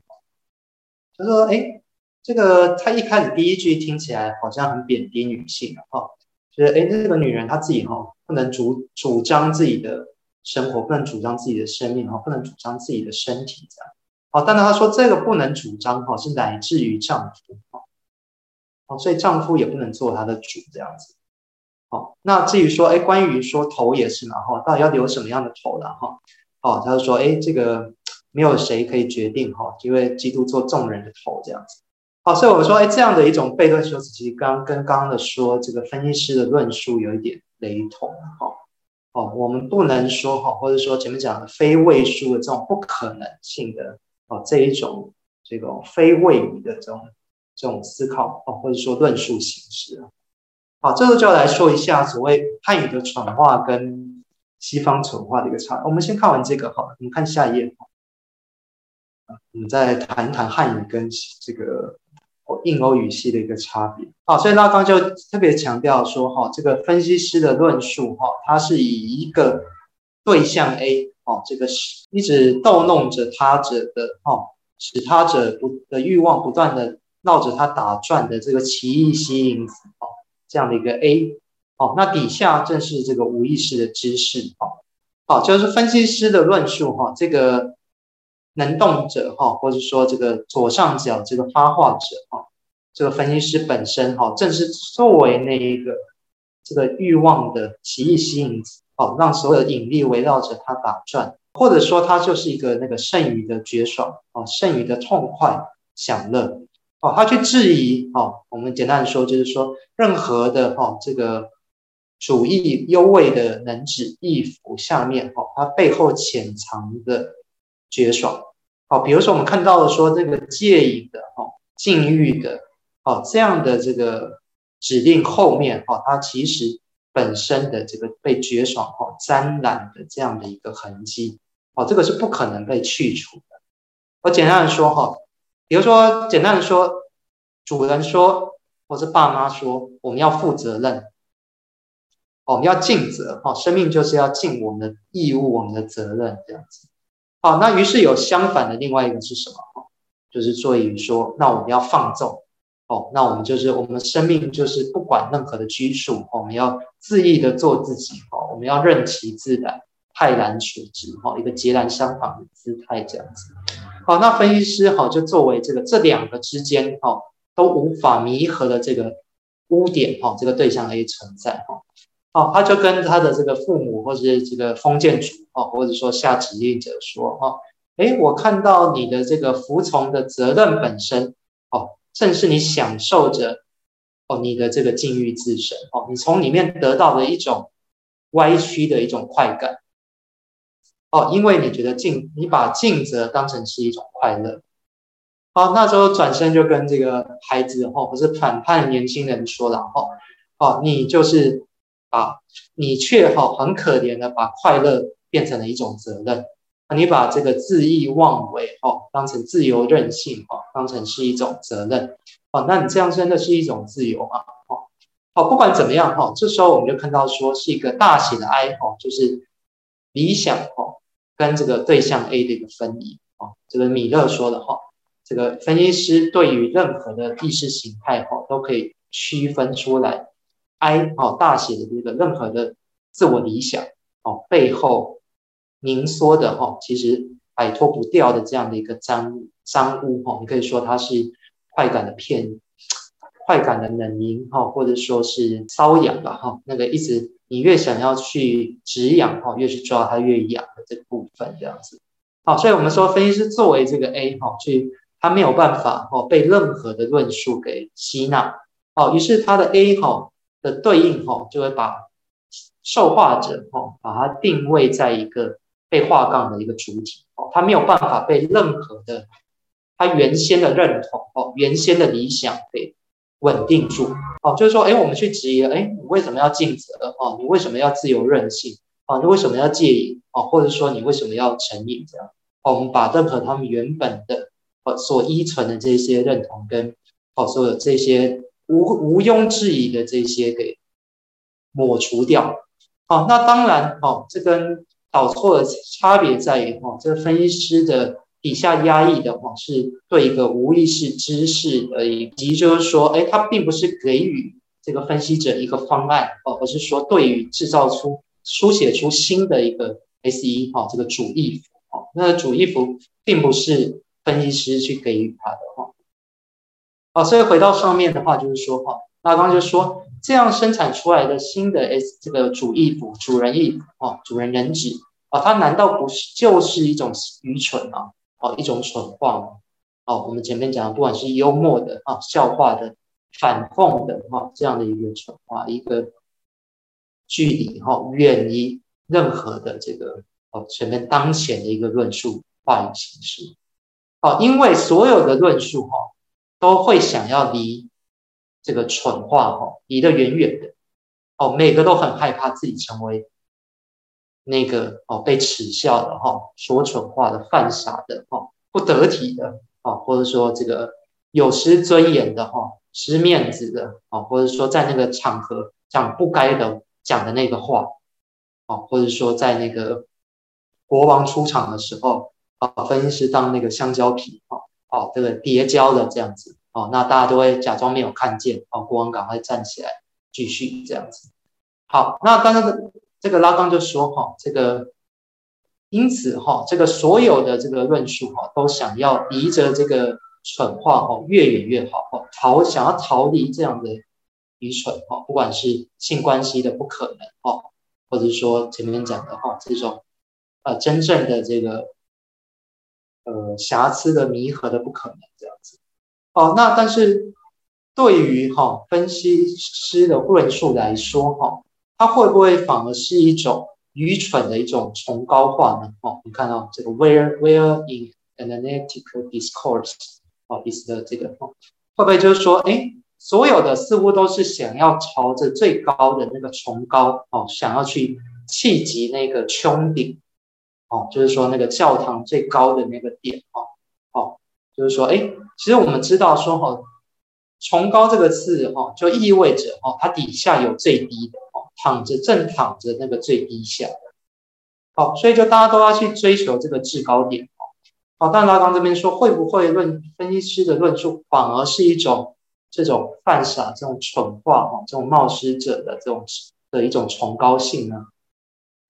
他說：“哎，這個他一開始第一句聽起來好像很貶低女性哈，就是，哎，那這個女人她自己哈不能主主張自己的。”生活不能主張自己的生命哈，不能主張自己的身體這樣。好，但是他說這個不能主張哈，是乃至於丈夫，哦，所以丈夫也不能做他的主這樣子。好，那至於說，哎、欸，關於說頭也是嘛哈，到底要留什麼樣的頭了哈？哦，他就說，哎、欸，這個沒有誰可以決定哈，因為基督做眾人的頭這樣子。好，所以我們說，哎、欸，這樣的一種悖論，其實剛跟剛剛的說這個分析師的論述有一點雷同哈。哦，我們不能說哈，或者說前面講的非謂語的這種不可能性的哦，這一種這個非謂語的這種這種思考哦，或者說論述形式好，這、哦、最後就要來說一下所謂漢語的轉化跟西方轉化的一個差。我們先看完這個哈、哦，我們看下一頁哈、哦，我們再談一談漢語跟這個。印歐語系的一個差別。好、啊，所以拉康就特別強調說，哈、啊，這個分析師的論述，哈、啊，它是以一個對象 A，哦、啊，這個一直逗弄着他者的，哦、啊，使他者不的慾望不斷的繞着他打轉的這個奇異吸引子，啊、這樣的一個 A，哦、啊啊，那底下正是這個無意識的知識，哈、啊，好、啊，就是分析師的論述，哈、啊，這個。能動者哈，或者說這個左上角這個發話者哈，這個分析師本身哈，正是作為那一個這個慾望的奇異吸引子哦，讓所有的引力圍繞着他打轉，或者說他就是一個那個剩餘的絕爽哦，剩餘的痛快享樂哦，他去質疑哦，我們簡單的說就是說任何的哦這個主義優位的能指意符下面哦，它背後潛藏的。絕爽，好、哦，比如說我們看到的說這個戒癮的，哈、哦，禁慾的，哈、哦，這樣的這個指令後面，哈、哦，它其實本身的這個被絕爽，哈、哦，沾染的這樣的一個痕跡，哦，這個是不可能被去除的。我、哦、簡單的說，哈、哦，比如說簡單的說，主人說，或者爸媽說，我們要負責任、哦，我們要盡責，哦，生命就是要盡我們的義務，我們的責任，這樣子。好，那於是有相反的另外一個是什麼？就是作於說，那我們要放縱，哦，那我們就是我們生命就是不管任何的拘束，哦，我們要恣意的做自己，哦，我們要任其自然，泰然處之，哈、哦，一個截然相反的姿態這樣子。好，那分析師哈、哦、就作為這個這兩個之間哈、哦、都無法彌合的這個污點哈、哦，這個對象 A 存在。哦哦，他就跟他的這個父母，或是這個封建主，哦，或者說下指令者說，哦，誒，我看到你的這個服從的責任本身，哦，正是你享受着，哦，你的這個境遇自身，哦，你從裡面得到的一種歪曲的一種快感，哦，因為你覺得盡，你把盡責當成是一種快樂，哦，那時候轉身就跟這個孩子，吼、哦，或是反叛年輕人說了，吼、哦，哦，你就是。啊，你卻哈很可憐的把快樂變成了一種責任，你把這個恣意妄為哦，當成自由任性哦，當成是一種責任，哦、啊，那你這樣真的是一種自由嗎？哦，好，不管怎麼樣哈，這時候我們就看到說是一個大寫的 I 哈，就是理想哈跟這個對象 A 的一個分離哦，這個米勒說的哈，這個分析師對於任何的意識形態哈都可以區分出來。哀哦，I, oh, 大寫的這個任何的自我理想哦，oh, 背後凝縮的哈，oh, 其實擺脫不掉的這樣的一個髒污，髒污哈，oh, 你可以說它是快感的騙，快感的冷凝哈，oh, 或者說是瘙癢吧哈，oh, 那個一直你越想要去止癢哈，oh, 越去抓它越癢的這個部分這樣子。好、oh，所以我們說分析師作為這個 A 哈，去他沒有辦法哈、oh, 被任何的論述給吸納哦，oh, 於是他的 A 哈、oh,。對應哦，就會把受話者哦，把它定位在一個被劃槓的一個主體哦，他沒有辦法被任何的他原先的認同哦，原先的理想給穩定住哦，就是說，哎，我們去質疑了，哎，你為什麼要盡責哦，你為什麼要自由任性哦，你為什麼要介意哦，或者說，你為什麼要成癮這樣？我們把任何他們原本的所依存的這些認同跟哦所有的這些。無毋庸置疑的這些給抹除掉，好、啊，那當然哦，這跟導錯的差別在於哈、哦，這個分析師的底下壓抑的話、哦、是對一個無意識知識而已，以及就是說，哎，他並不是給予這個分析者一個方案哦，而是說對於制造出書寫出新的一個 S1 哈、哦，這個主意符哦，那主意符並不是分析師去給予他的哈。哦好，所以回到上面的話，就是說，哈，那剛剛就說，這樣生產出來的新的 s 這個主義服，主人義啊，主人人質啊，他難道不是就是一種愚蠢啊？哦，一種蠢話嗎？哦，我們前面講的，不管是幽默的啊，笑話的，反諷的哈，這樣的一個蠢話，一個距離哈，遠離任何的這個哦，前面當前的一個論述話語形式，哦，因為所有的論述哈。都會想要離這個蠢話哈、哦，離得遠遠的。哦，每個都很害怕自己成為那個哦被恥笑的哈、哦，說蠢話的、犯傻的哈、哦、不得體的啊、哦，或者說這個有失尊嚴的哈、哦、失面子的啊、哦，或者說在那個場合講不該的講的那個話啊、哦，或者說在那個國王出場的時候啊、哦，把分析師當那個香蕉皮哈。哦。哦，這個跌跤的這樣子，哦，那大家都會假裝沒有看見，哦，國王趕快站起來，繼續這樣子。好，那當然這個拉岡就說，哈、哦，這個因此，哈、哦，這個所有的這個論述，哈、哦，都想要離着這個蠢話，哈、哦，越遠越好，哈、哦，逃想要逃離這樣的愚蠢，哈、哦，不管是性關係的不可能，哈、哦，或者說前面講的哈、哦，這種啊、呃，真正的這個。呃，瑕疵的彌合的不可能這樣子哦。那但是對於哈、哦、分析師的論述來說，哈、哦，他會不會反而是一種愚蠢的一種崇高化呢？哦，你看到這個 where where in an analytical discourse 哦，is the 這個哦，會不會就是說，誒、欸，所有的似乎都是想要朝着最高的那個崇高哦，想要去企及那個穹頂。哦，就是說那個教堂最高的那個點，哦，哦，就是說，哎，其實我們知道說，哈，崇高這個字，哈、哦，就意味着，哦，它底下有最低的，哦，躺着正躺着那個最低下的，好、哦，所以就大家都要去追求這個至高點，哦，哦，但拉康這邊說，會不會論分析師的論述反而是一種這種犯傻，這種蠢話，哈、哦，這種冒失者的這種的一種崇高性呢？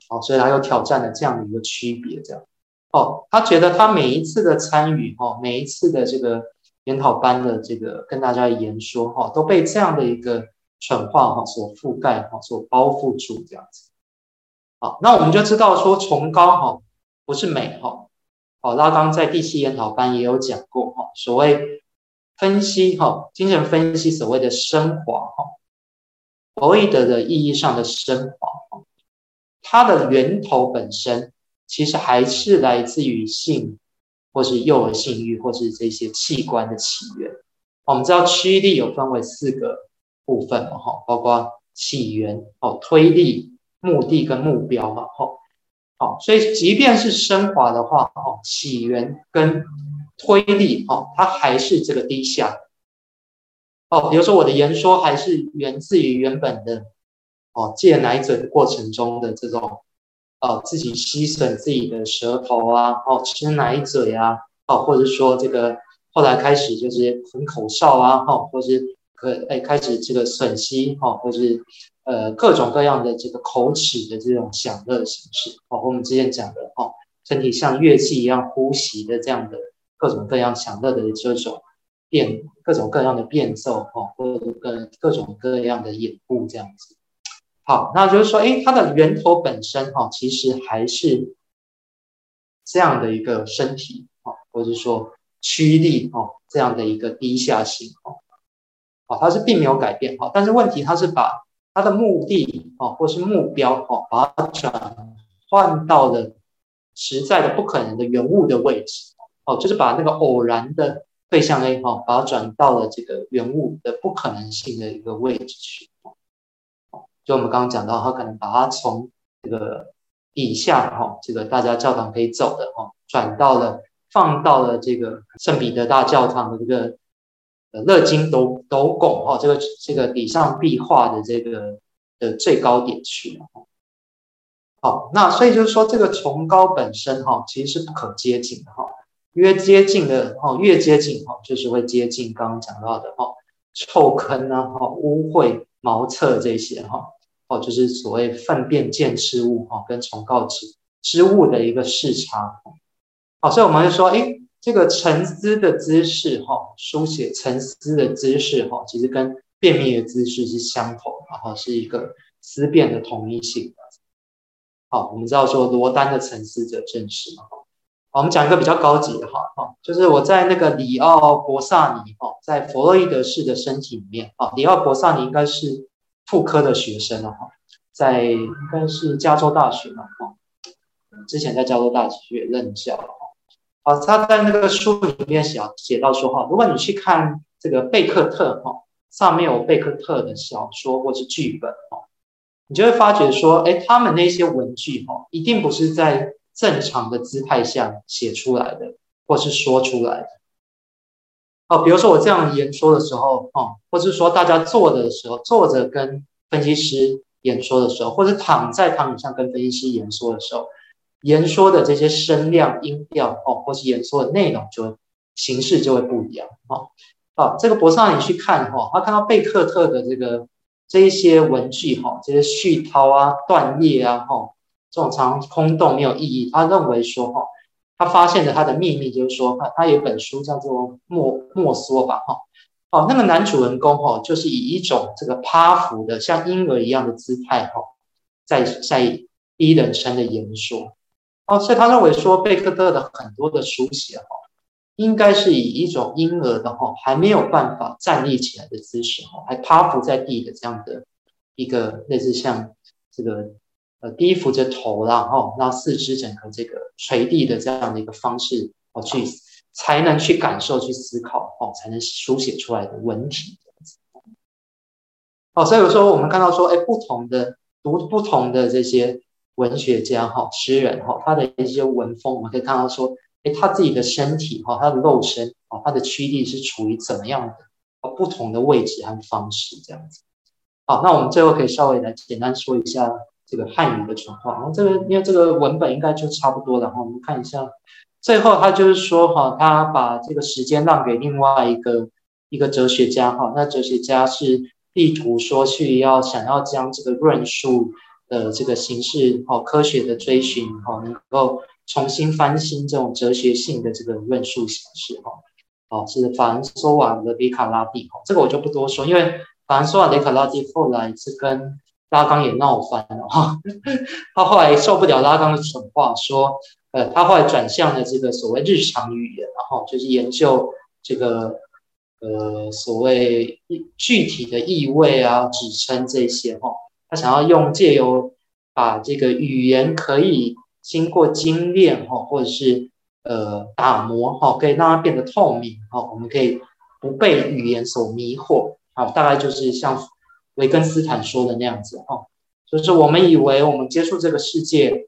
好，所以他又挑戰了這樣的一個區別，這樣。哦，他覺得他每一次的參與，哈、哦，每一次的這個研討班的這個跟大家的言說，哈、哦，都被這樣的一個蠢話，哈、哦，所覆蓋，哈、哦，所包覆住，這樣子。好，那我們就知道說，崇高，哈、哦，不是美，哈。哦，拉岡在第七研討班也有講過，哈、哦，所謂分析，哈、哦，精神分析所謂的升華，哈、哦，弗洛伊德的意義上的升華，哈。它的源頭本身其實還是來自於性，或是幼兒性欲，或是這些器官的起源。我們知道驅力有分為四個部分嘛，包括起源、哦，推力、目的跟目標嘛，哈，好，所以即便是升華的話，哦，起源跟推力，哦，它還是這個低下。哦，比如說我的言說還是源自於原本的。哦，戒奶嘴的過程中的這種，哦，自己吸吮自己的舌頭啊，哦，吃奶嘴啊，哦，或者是說這個後來開始就是很口哨啊，哈、哦，或是可哎、欸、開始這個吮吸哈，或是呃各種各樣的這個口齒的這種享樂形式，哦，我們之前講的哦，身體像樂器一樣呼吸的這樣的各種各樣享樂的這種變各種各樣的變奏哈、哦，或者各各種各樣的眼部這樣子。好，那就是說，誒，它的源頭本身哈，其實還是這樣的一個身體哈，或者說驅力啊，這樣的一個低下性啊，啊，它是並沒有改變哈，但是問題它是把它的目的啊，或是目標啊，把它轉換到了實在的不可能的原物的位置哦，就是把那個偶然的對象 a 啊，把它轉到了這個原物的不可能性的一個位置去。就我們剛剛講到，他可能把它從這個底下哈，這個大家教堂可以走的哈，轉到了放到了這個聖彼得大教堂的這個呃樂金斗斗拱哈，這個這個底上壁畫的這個的最高點去哈。好，那所以就是說，這個崇高本身哈，其實是不可接近的哈，越接近的哈，越接近哈，就是會接近剛剛講到的哈，臭坑啊哈，污穢茅廁這些哈。哦，就是所謂糞便濺濕物哈、哦，跟崇高之之物的一個視差。哦、好，所以我們就說，誒、欸，這個沉思的姿勢哈、哦，書寫沉思的姿勢哈、哦，其實跟便秘的姿勢是相同然後、啊、是一個思辨的統一性。好、啊，我們知道說羅丹的沉思者正是嘛、哦、好，我們講一個比較高級的哈、哦、就是我在那個里奧博薩尼哈、哦，在弗洛伊德式的身體裡面啊，里奧博薩尼應該是。婦科的學生啊，哈，在應該是加州大學嘛，哈，之前在加州大學任教，啊、哈、啊，他在那個書裡面寫，寫到說，啊，哈，如果你去看這個貝克特，啊，哈，上面有貝克特的小說或是劇本，啊，哈，你就會發覺說，哎、欸，他們那些文具哈，啊，一定不是在正常的姿態下寫出來的，或是說出來的。哦，比如說我這樣言說的時候，哦，或是說大家坐着的時候，坐着跟分析師演說的時候，或者躺在躺椅上跟分析師演說的時候，言說的這些聲量、音調，哦，或是演說的內容就，就形式就會不一樣，哦。哦，這個博納你去看，哈、哦，他看到貝克特的這個這一些文句哈、哦，這些絮叨啊、斷裂啊，哈、哦，這種常常空洞沒有意義，他認為說，哈。他發現了他的秘密就是說，他他有本書叫做《莫莫梭》吧，哈，哦，那個男主人公，哦，就是以一種這個趴伏的像嬰兒一樣的姿態，哈，在在第一人稱的演說，哦，所以他認為說，貝克特的很多的書寫，哈，應該是以一種嬰兒的，哈、哦，還沒有辦法站立起來的姿勢，哈、哦，還趴伏在地的這樣的一個類似像這個。呃，低伏着頭，然後讓四肢整個這個垂地的這樣的一個方式，哦，去才能去感受、去思考，哦，才能書寫出來的文體這樣子。哦，所以有時候我們看到說，哎，不同的讀不同的這些文學家哈、詩人哈、哦，他的一些文風，我們可以看到說，哎，他自己的身體哈、他的肉身哦、他的軀體是處於怎麼樣的不同的位置和方式這樣子。好、哦，那我們最後可以稍微來簡單說一下。這個漢語的情況，然後這個因為這個文本應該就差不多了，我們看一下，最後他就是說哈，他把這個時間讓給另外一個一個哲學家哈，那哲學家是試圖說去要想要將這個論述的這個形式科學的追尋哈，能夠重新翻新這種哲學性的這個論述形式哈，是法蘭索瓦·雷卡拉蒂哈，這個我就不多說，因為法蘭索瓦·雷卡拉蒂後來是跟。拉岡也鬧翻了哈，他後來受不了拉岡的蠢話，說，呃，他後來轉向了這個所謂日常語言，然、哦、後就是研究這個，呃，所謂具體的意味啊、指稱這些哈、哦，他想要用借由把這個語言可以經過精煉哈、哦，或者是呃打磨哈、哦，可以讓它變得透明哈、哦，我們可以不被語言所迷惑，啊、哦，大概就是像。維根斯坦說的那樣子哈，就是我們以為我們接觸這個世界，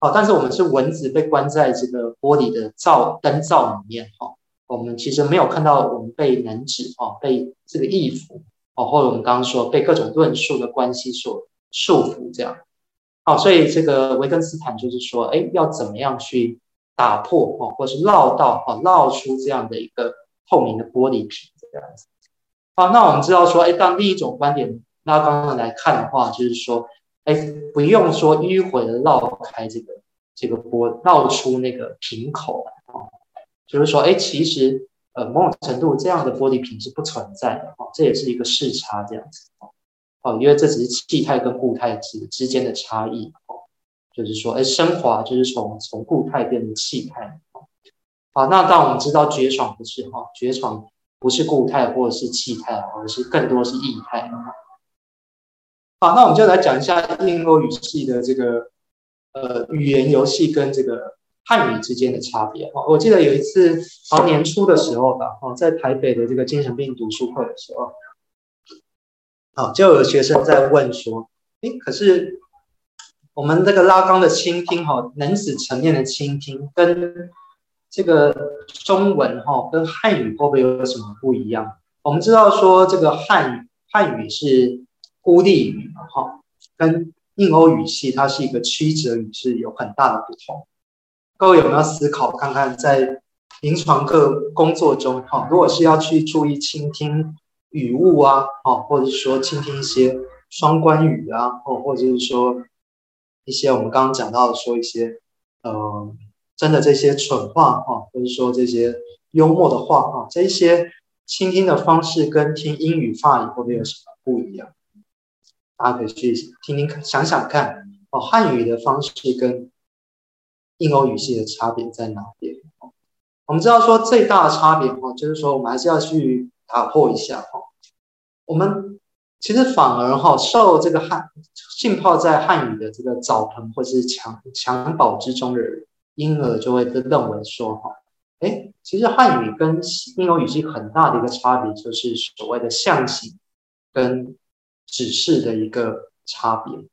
好，但是我們是蚊子被關在這個玻璃的罩燈罩裡面哈，我們其實沒有看到我們被能指哦，被這個意符哦，或者我們剛剛說被各種論述的關係所束縛這樣，好，所以這個維根斯坦就是說，哎，要怎麼樣去打破哦，或是繞道哈，繞出這樣的一個透明的玻璃瓶這樣子。好、啊，那我們知道說，誒當另一種觀點拉岡的來看的話，就是說，誒不用說迂回的繞開這個這個波，繞出那個瓶口、哦、就是說，誒其實呃，某種程度這樣的玻璃瓶是不存在的、哦、這也是一個視差這樣子、哦、因為這只是氣態跟固態之之間的差異、哦、就是說，誒升華就是從從固態變成氣態好、哦啊，那當我們知道絕爽的時候，絕、哦、爽。不是固態或者是氣態，而是更多是液態。好、啊，那我們就來講一下印歐語系的這個呃語言遊戲跟這個漢語之間的差別。哦、啊，我記得有一次好、啊、年初的時候吧，哦、啊，在台北的這個精神病讀書會的時候，好、啊、就有學生在問說：“哎、欸，可是我們這個拉岡的傾聽，哦、啊，能指層面的傾聽跟……”這個中文哈、哦、跟漢語會不會有什麼不一樣？我們知道說這個漢漢語是孤立語哈、哦，跟印歐語系它是一個屈折語是有很大的不同。各位有沒有思考看看在臨床課工作中哈、哦，如果是要去注意傾聽語誤啊，哈、哦，或者是說傾聽一些雙關語啊，哦，或者是說一些我們剛剛講到的說一些呃。真的這些蠢話哈，或、啊、者、就是、說這些幽默的話哈、啊，這一些傾聽的方式跟聽英語話以後，語會沒有什麼不一樣。大家可以去聽聽看，想想看哦、啊，漢語的方式跟印歐語系的差別在哪邊、啊、我們知道說最大的差別哈、啊，就是說我們還是要去打破一下哈、啊。我們其實反而哈、啊，受這個漢浸泡在漢語的這個澡盆或者是襁襁褓之中的人。嬰兒就會認為說：“哈，哎，其實漢語跟印歐語系很大的一個差別，就是所謂的象形跟指示的一個差別。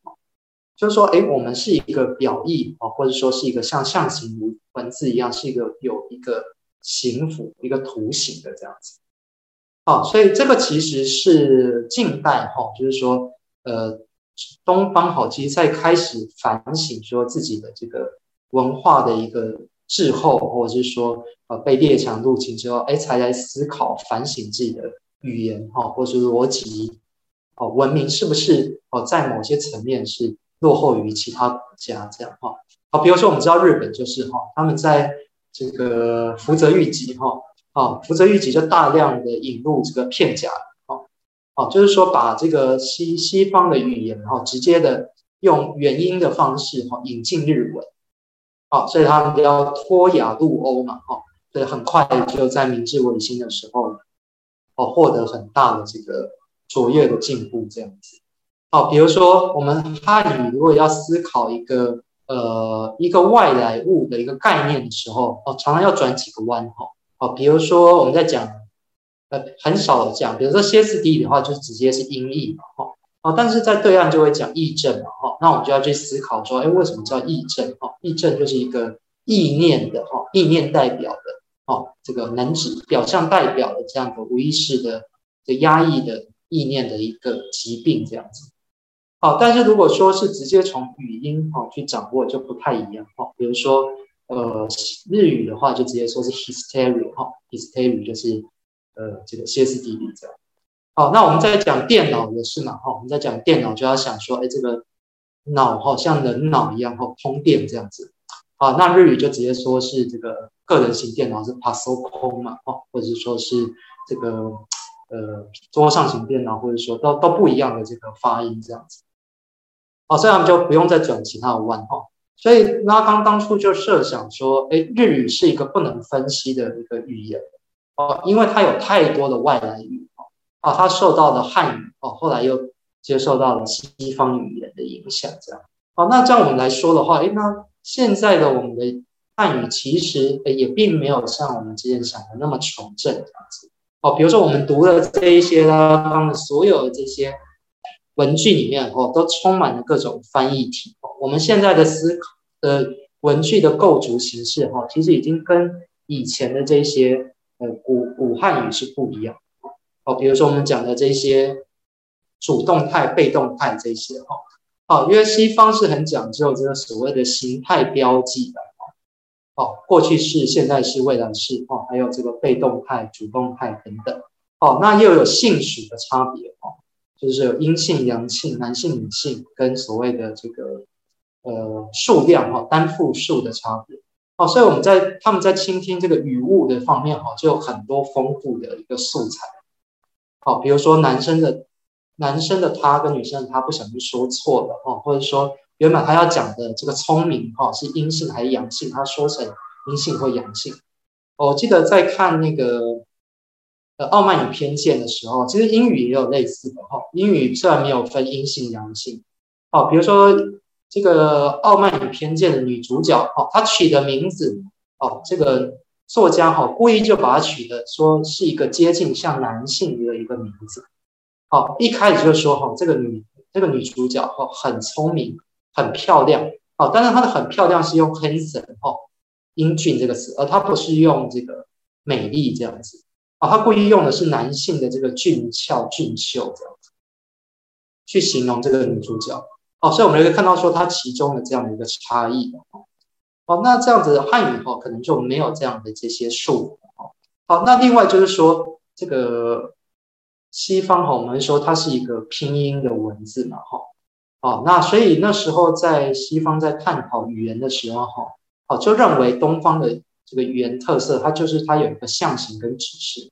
就是說，哎，我們是一個表意啊，或者說是一個像象形文字一樣，是一個有一個形符、一個圖形的這樣子。好、哦，所以這個其實是近代哈、哦，就是說，呃，東方好，其實在開始反省說自己的這個。”文化的一個滯後，或者是說，呃，被列強入侵之後，哎，才來思考、反省自己的語言哈、哦，或者邏輯哦，文明是不是哦，在某些層面是落後於其他國家這樣哈？好、哦，比如說我們知道日本就是哈、哦，他們在這個福澤諭吉哈，啊、哦，福澤諭吉就大量的引入這個片假，哦，哦，就是說把這個西西方的語言哈、哦，直接的用原音的方式哈、哦，引進日文。好、哦，所以他們要脫亞入歐嘛，哈、哦，所以很快就在明治維新的時候，哦，獲得很大的這個卓越的進步這樣子。好、哦，比如說我們漢語如果要思考一個呃一個外來物的一個概念的時候，哦，常常要轉幾個彎，哈，哦，比如說我們在講，呃，很少講，比如說歇斯底里的話，就直接是音譯嘛，哈、哦。好，但是在對岸就會講癔症嘛，哈、哦，那我們就要去思考說，哎，為什麼叫癔症？哈、哦，癔症就是一個意念的，哈、哦，意念代表的，哈、哦，這個能指表象代表的這樣的無意識的的壓抑的意念的一個疾病，這樣子。好，但是如果說是直接從語音，哈、哦，去掌握就不太一樣，哈、哦，比如說，呃，日語的話就直接說是 hysteria，哈、哦，hysteria 就是，呃，這個歇斯底里這樣。好，那我們在講電腦的事嘛？哈，我們在講電腦就要想說，哎、欸，這個腦哈像人腦一樣哈通電這樣子。好，那日語就直接說是這個個人型電腦是パソコン嘛，哦，或者說是這個呃桌上型電腦，或者說都都不一樣的這個發音這樣子。好，所以我們就不用再轉其他的彎哈。所以拉康當初就設想說，哎、欸，日語是一個不能分析的一個語言哦，因為它有太多的外來語。啊，他、哦、受到了漢語哦，後來又接受到了西方語言的影響，這樣。哦，那這樣我們來說的話，誒、欸，那現在的我們的漢語其實、欸、也並沒有像我們之前想的那麼純正，這樣子。哦，比如說我們讀的這一些呢，它們所有的這些文句裡面，哦，都充滿了各種翻譯體、哦。我們現在的思考的、呃、文句的構築形式，哈、哦，其實已經跟以前的這些呃、哦、古古漢語是不一樣。哦，比如說我們講的這些主動態、被動態這些哈，好、哦，因為西方是很講究這個所謂的形態標記的，哦，過去式、現在式、未來式，哦，還有這個被動態、主動態等等，哦，那又有性屬的差別，哦，就是有陰性、陽性、男性、女性，跟所謂的這個呃數量，哈，單複數的差別，哦，所以我們在他們在傾聽這個語物的方面，哈、哦，就有很多豐富的一個素材。哦，比如說男生的男生的他跟女生的他不想去說錯了哈、哦，或者說原本他要講的這個聰明哈、哦、是陰性還是陽性，他說成陰性或陽性。我記得在看那個呃《傲慢與偏見》的時候，其實英語也有類似的哈、哦。英語雖然沒有分陰性陽性，哦，比如說這個《傲慢與偏見》的女主角哈、哦，她取的名字哦，這個。作家哈，故意就把它取的說是一個接近像男性的一個名字，好，一開始就說哈，這個女這個女主角哦，很聰明，很漂亮，哦，但是她的很漂亮是用 handsome 哦，英俊這個詞，而她不是用這個美麗這樣子，哦，她故意用的是男性的這個俊俏、俊秀這樣子去形容這個女主角，哦，所以我們可以看到說她其中的這樣的一個差異哦，那這樣子漢語哈，可能就沒有這樣的這些術語了哈。好，那另外就是說，這個西方哈，我們說它是一個拼音的文字嘛哈。哦，那所以那時候在西方在探討語言的時候哈，哦，就認為東方的這個語言特色，它就是它有一個象形跟指示。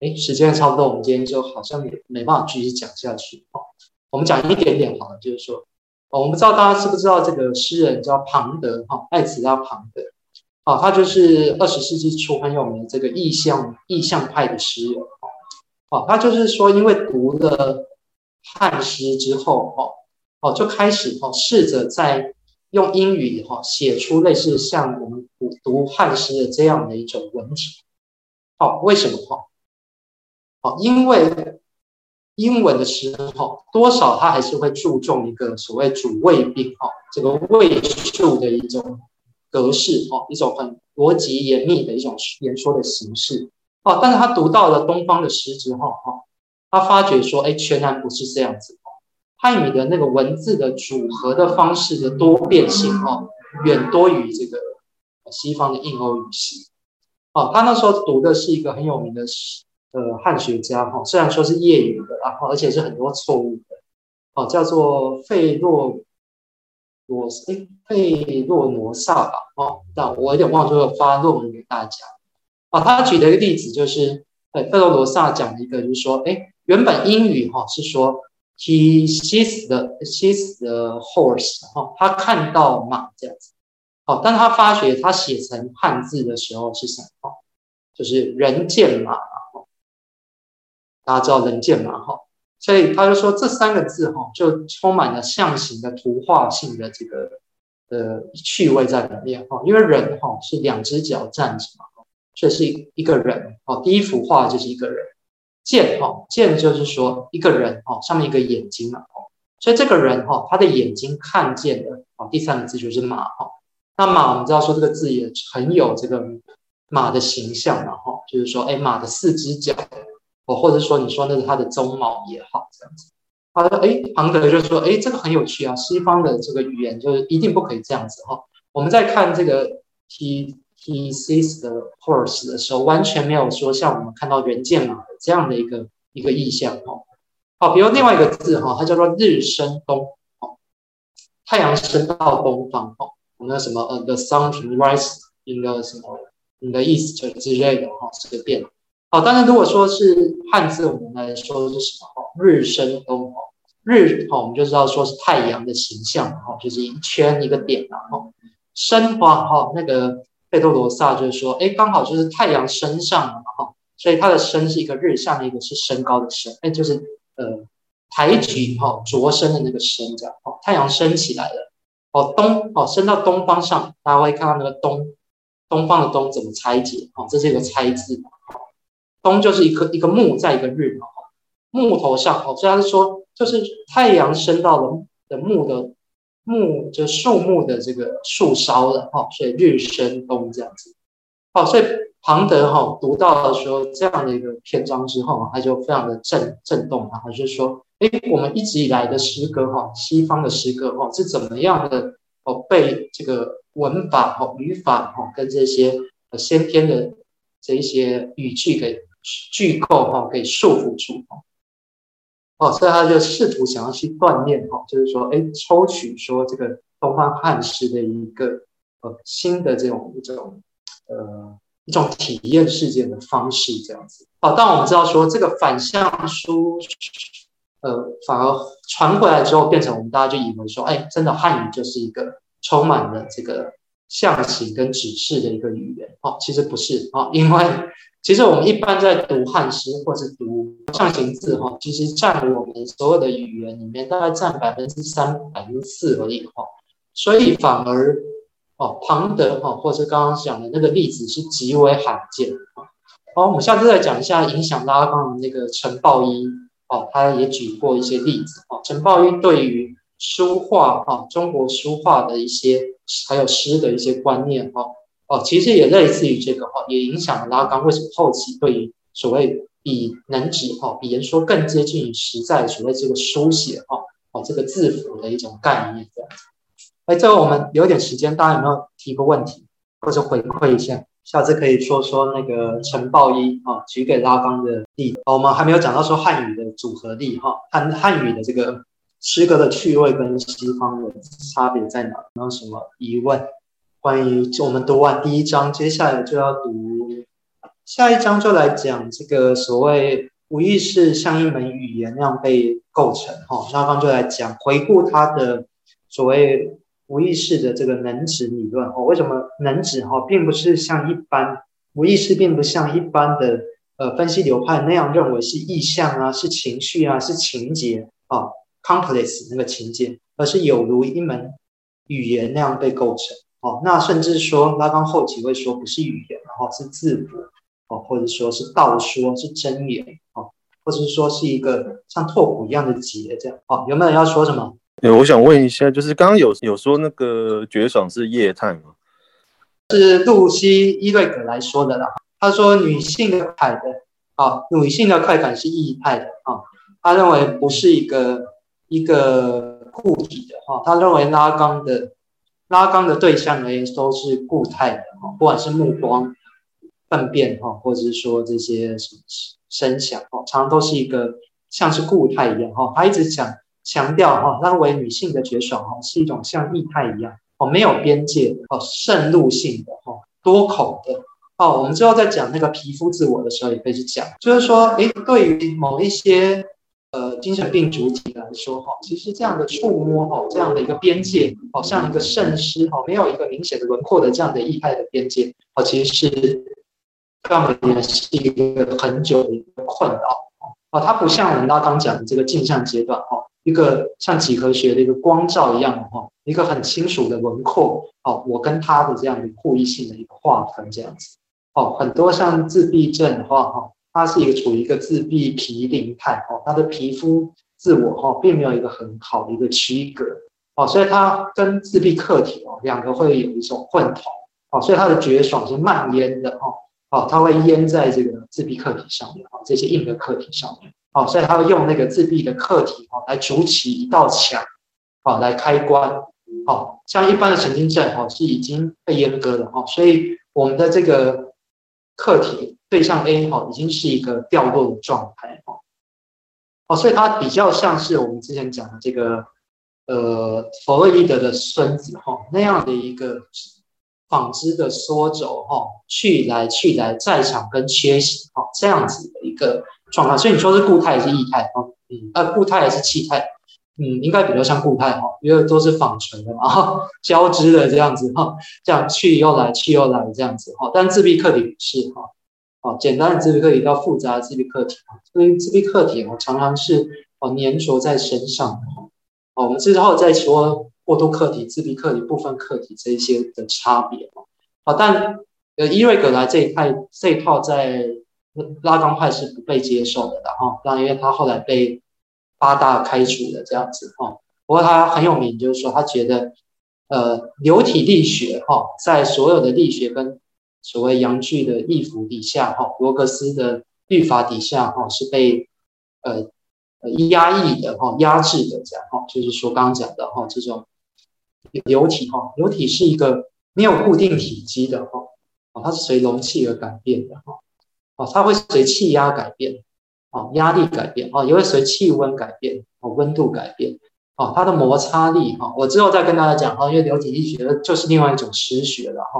哎、欸，時間差不多，我們今天就好像也沒辦法繼續講下去哦。我們講一點點好了，就是說。哦、我不知道大家知不知道這個詩人叫龐德哈、哦，艾茲拉龐德，哦、他就是二十世紀初很有名的這個意象意象派的詩人，哦，哦他就是說，因為讀了漢詩之後，哦，哦，就開始哦，試着在用英語、哦、寫出類似像我們讀漢詩的這樣的一種文體、哦，為什麼、哦、因為。英文的詩哦，多少他還是會注重一個所謂主謂賓哦，這個謂述的一種格式哦，一種很邏輯嚴密的一種言說的形式哦。但是他讀到了東方的詩之後哈，他發覺說，哎，全然不是這樣子哦。漢語的那個文字的組合的方式的多變性哦，遠多於這個西方的印歐語系哦。他那時候讀的是一個很有名的詩。呃，漢學家哈，雖然說是業餘的，然後而且是很多錯誤的，哦，叫做費洛羅哎，費洛羅薩吧，哦，那我有點忘記要發論文給大家。哦，他舉的一個例子就是，呃，費洛羅薩講了一個，就是說，誒，原本英語哈是說 he sees the sees the horse，哈，他、哦、看到馬這樣子，好、哦，但他發覺他寫成漢字的時候是什麼？就是人見馬。大家知道人見馬哈，所以他就說這三個字哈，就充滿了象形的圖畫性的這個呃趣味在裡面哈。因為人哈是兩隻腳站着嘛，所以是一個人哦。第一幅畫就是一個人見哈，見就，就是說一個人哈，上面一個眼睛嘛，所以這個人哈，他的眼睛看見的哦，第三個字就是馬哈。那馬我們知道說這個字也很有這個馬的形象嘛哈，就是說哎，馬的四只腳。哦，或者說你說那是他的鬃毛也好，這樣子。好、啊，哎，龐德就說，哎，這個很有趣啊，西方的這個語言就是一定不可以這樣子哈、哦。我們在看這個 he sees the horse 的時候，完全沒有說像我們看到原件啊這樣的一個一個意象哈、哦。好，比如另外一個字哈、哦，它叫做日升東哦，太陽升到東方、哦、我們的什麼呃、uh, the sun rises in the 什麼 in the east 之類的哈，哦、這個變好，當然，如果說是漢字，我們來說的是什麼？哦，日升東哦，日哦，我們，哦，就知道說是太陽的形象，哦，然後就是一圈一個點啦，啊。哦，升哦，那個費多羅薩就是說，哎，剛好就是太陽升上了，哦，哈，所以它的升是一個日像，一個是升高的升，哎，就是呃抬舉哈，着升的那個升，這樣，哦，太陽升起來了，哦，東哦，升到東方上，大家會看到那個東，東方的東怎麼拆解？哦，這是一個拆字。東就是一個一個木在一個日嘛哈，木頭上，好，雖然說，就是太陽升到了的木的木，這、就是、樹木的這個樹梢了哈，所以日升東這樣子，好，所以龐德哈讀到的時候這樣的一個篇章之後，他就非常的震震動，他就說，誒，我們一直以來的詩歌哈，西方的詩歌哦，是怎麼樣的哦，被這個文法哦、語法哦跟這些先天的這一些語句給。句構哈、哦、可以束縛住哦，哦，所以他就試圖想要去鍛鍊哈、哦，就是說，哎，抽取說這個東方漢詩的一個呃新的這種一種呃一種體驗世界的方式這樣子。好、哦，但我們知道說這個反向書呃反而傳回來之後，變成我們大家就以為說，哎，真的漢語就是一個充滿了這個象形跟指示的一個語言。哦，其實不是哦，因為。其實我們一般在讀漢詩或者讀象形字哈，其實占我們所有的語言裡面大概占百分之三、百分之四而已哈。所以反而哦，龐德哈或者剛剛講的那個例子是極為罕見。好，我們下次再講一下影響拉岡的那個程抱一哦，他也舉過一些例子哦。程抱一對於書畫哈，中國書畫的一些還有詩的一些觀念哈。哦，其實也類似於這個哈，也影響了拉岡。為什麼後期對於所謂比能指哈，比言說更接近於實在所謂這個書寫哈，哦，這個字符的一種概念這樣子。哎，最後我們留點時間，大家有沒有提個問題或者回饋一下？下次可以說說那個程抱一哈、哦，舉給拉岡的例子。我們還沒有講到說漢語的組合力哈，漢、哦、漢語的這個詩歌的趣味跟西方的差別在哪？有沒有什麼疑問？關於，就我們讀完第一章，接下來就要讀下一章，就來講這個所謂無意識像一門語言那樣被構成哈。下方，哦，就來講回顧他的所謂無意識的這個能指理論哦。為什麼能指哈、哦，並不是像一般無意識，並不像一般的呃分析流派那樣認為是意象啊，是情緒啊，是情節啊、哦，complex 那個情節，而是有如一門語言那樣被構成。哦，那甚至說拉岡後期會說不是語言後、哦、是字母哦，或者說是道說是真言哦，或者是說是一個像拓撲一樣的結這樣哦。有沒有人要說什麼？嗯、我想問一下，就是剛剛有有說那個絕爽是液態嗎？是露西伊瑞格來說的啦。他說女性的快感啊，女性的快感是液態的啊。他認為不是一個一個固體的哈，他、啊、認為拉岡的。啊拉岡的對象也都是固態的哈、哦，不管是目光、糞便哈、哦，或者是說這些什麼聲響哈，哦、常，常都是一個像是固態一樣哈。他一直講強調哈，認、哦、為女性的絕爽哈、哦、是一種像液態一樣哦，沒有邊界哦，滲入性的哈、哦，多孔的哦。我們之後在講那個皮膚自我的時候也可以去講，就是說誒，對於某一些。呃，精神病主體來說，哈，其實這樣的觸摸，哈，這樣的一個邊界，哦，好像一個滲濕，哈，沒有一個明顯的輪廓的這樣的意態的邊界，哦，其實是，這樣也是一個很久的一個困擾，哦，它不像我們剛剛講的這個鏡像階段，哈，一個像幾何學的一個光照一樣的，哈，一個很清楚的輪廓，哦，我跟他的這樣的互異性的一個劃分，這樣子，哦，很多像自閉症的話，哈。它是一個處於一個自閉皮靈態哦，它的皮膚自我哦，並沒有一個很好的一個區隔哦，所以它跟自閉客體哦兩個會有一種混同，哦，所以它的絕爽是蔓延的哦，哦，它會淹在這個自閉客體上面哦，這些硬的客體上面哦，所以它會用那個自閉的客體哦來築起一道牆哦，來開關哦，像一般的神經症哦是已經被閹割了哦，所以我們的這個。客體對象 A 哈已經是一個掉落的狀態哦。哦，所以它比較像是我們之前講的這個呃，弗洛伊德的孫子哈那樣的一個紡織的梭軸哈，去來去來在場跟缺席哈這樣子的一個狀態，所以你說是固態還是液態啊？嗯，呃，固態還是氣態？嗯，應該比較像固態哈，因為都是紡錘的嘛，交織的這樣子哈，這樣去又來，去又來這樣子哈。但自閉客體不是哈，哦，簡單的自閉客體到複雜的自閉客體啊，因為自閉客體哦常常是哦粘着在身上的哈。哦，我們之後再說過渡客體、自閉客體、部分客體這一些的差別嘛。好，但呃伊瑞格萊這一派這一套在拉岡派是不被接受的，的，然後但因為他後來被。八大開除的這樣子哈、哦，不過他很有名，就是說他覺得，呃，流體力學哈、哦，在所有的力學跟所謂陽具的意符底下哈、哦，羅格斯的律法底下哈、哦，是被呃呃壓抑的哈，壓制的這樣哈、哦，就是說剛剛講的哈、哦，這種流體哈、哦，流體是一個沒有固定體積的哈，啊、哦，它是隨容器而改變的哈，哦，它會隨氣壓改變。哦，壓力改變哦，也會隨氣溫改變哦，溫度改變哦，它的摩擦力哈、哦，我之後再跟大家講哦，因為流體力學就是另外一種失學了哈。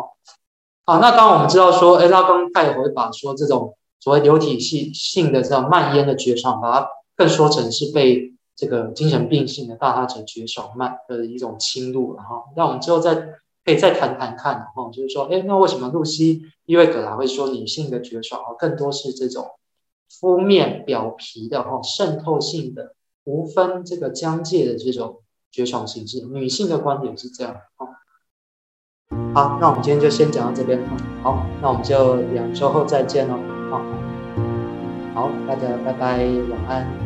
好、哦啊，那當我們知道說，哎、欸，拉岡他會把說這種所謂流體性性的這種蔓延的絕爽，把它更說成是被這個精神病性的大他者絕爽慢的、就是、一種侵入了哈。那我們之後再可以再談談看哈，然後就是說，哎、欸，那為什麼露西因為葛蘭會說女性的絕爽哦，更多是這種。敷面表皮的哈，滲、哦、透性的無分這個疆界的這種絕爽形式，女性的觀點是這樣哈、哦。好，那我們今天就先講到這邊、哦。好，那我們就兩周後再見嘍、哦。好，好，大家拜拜，晚安。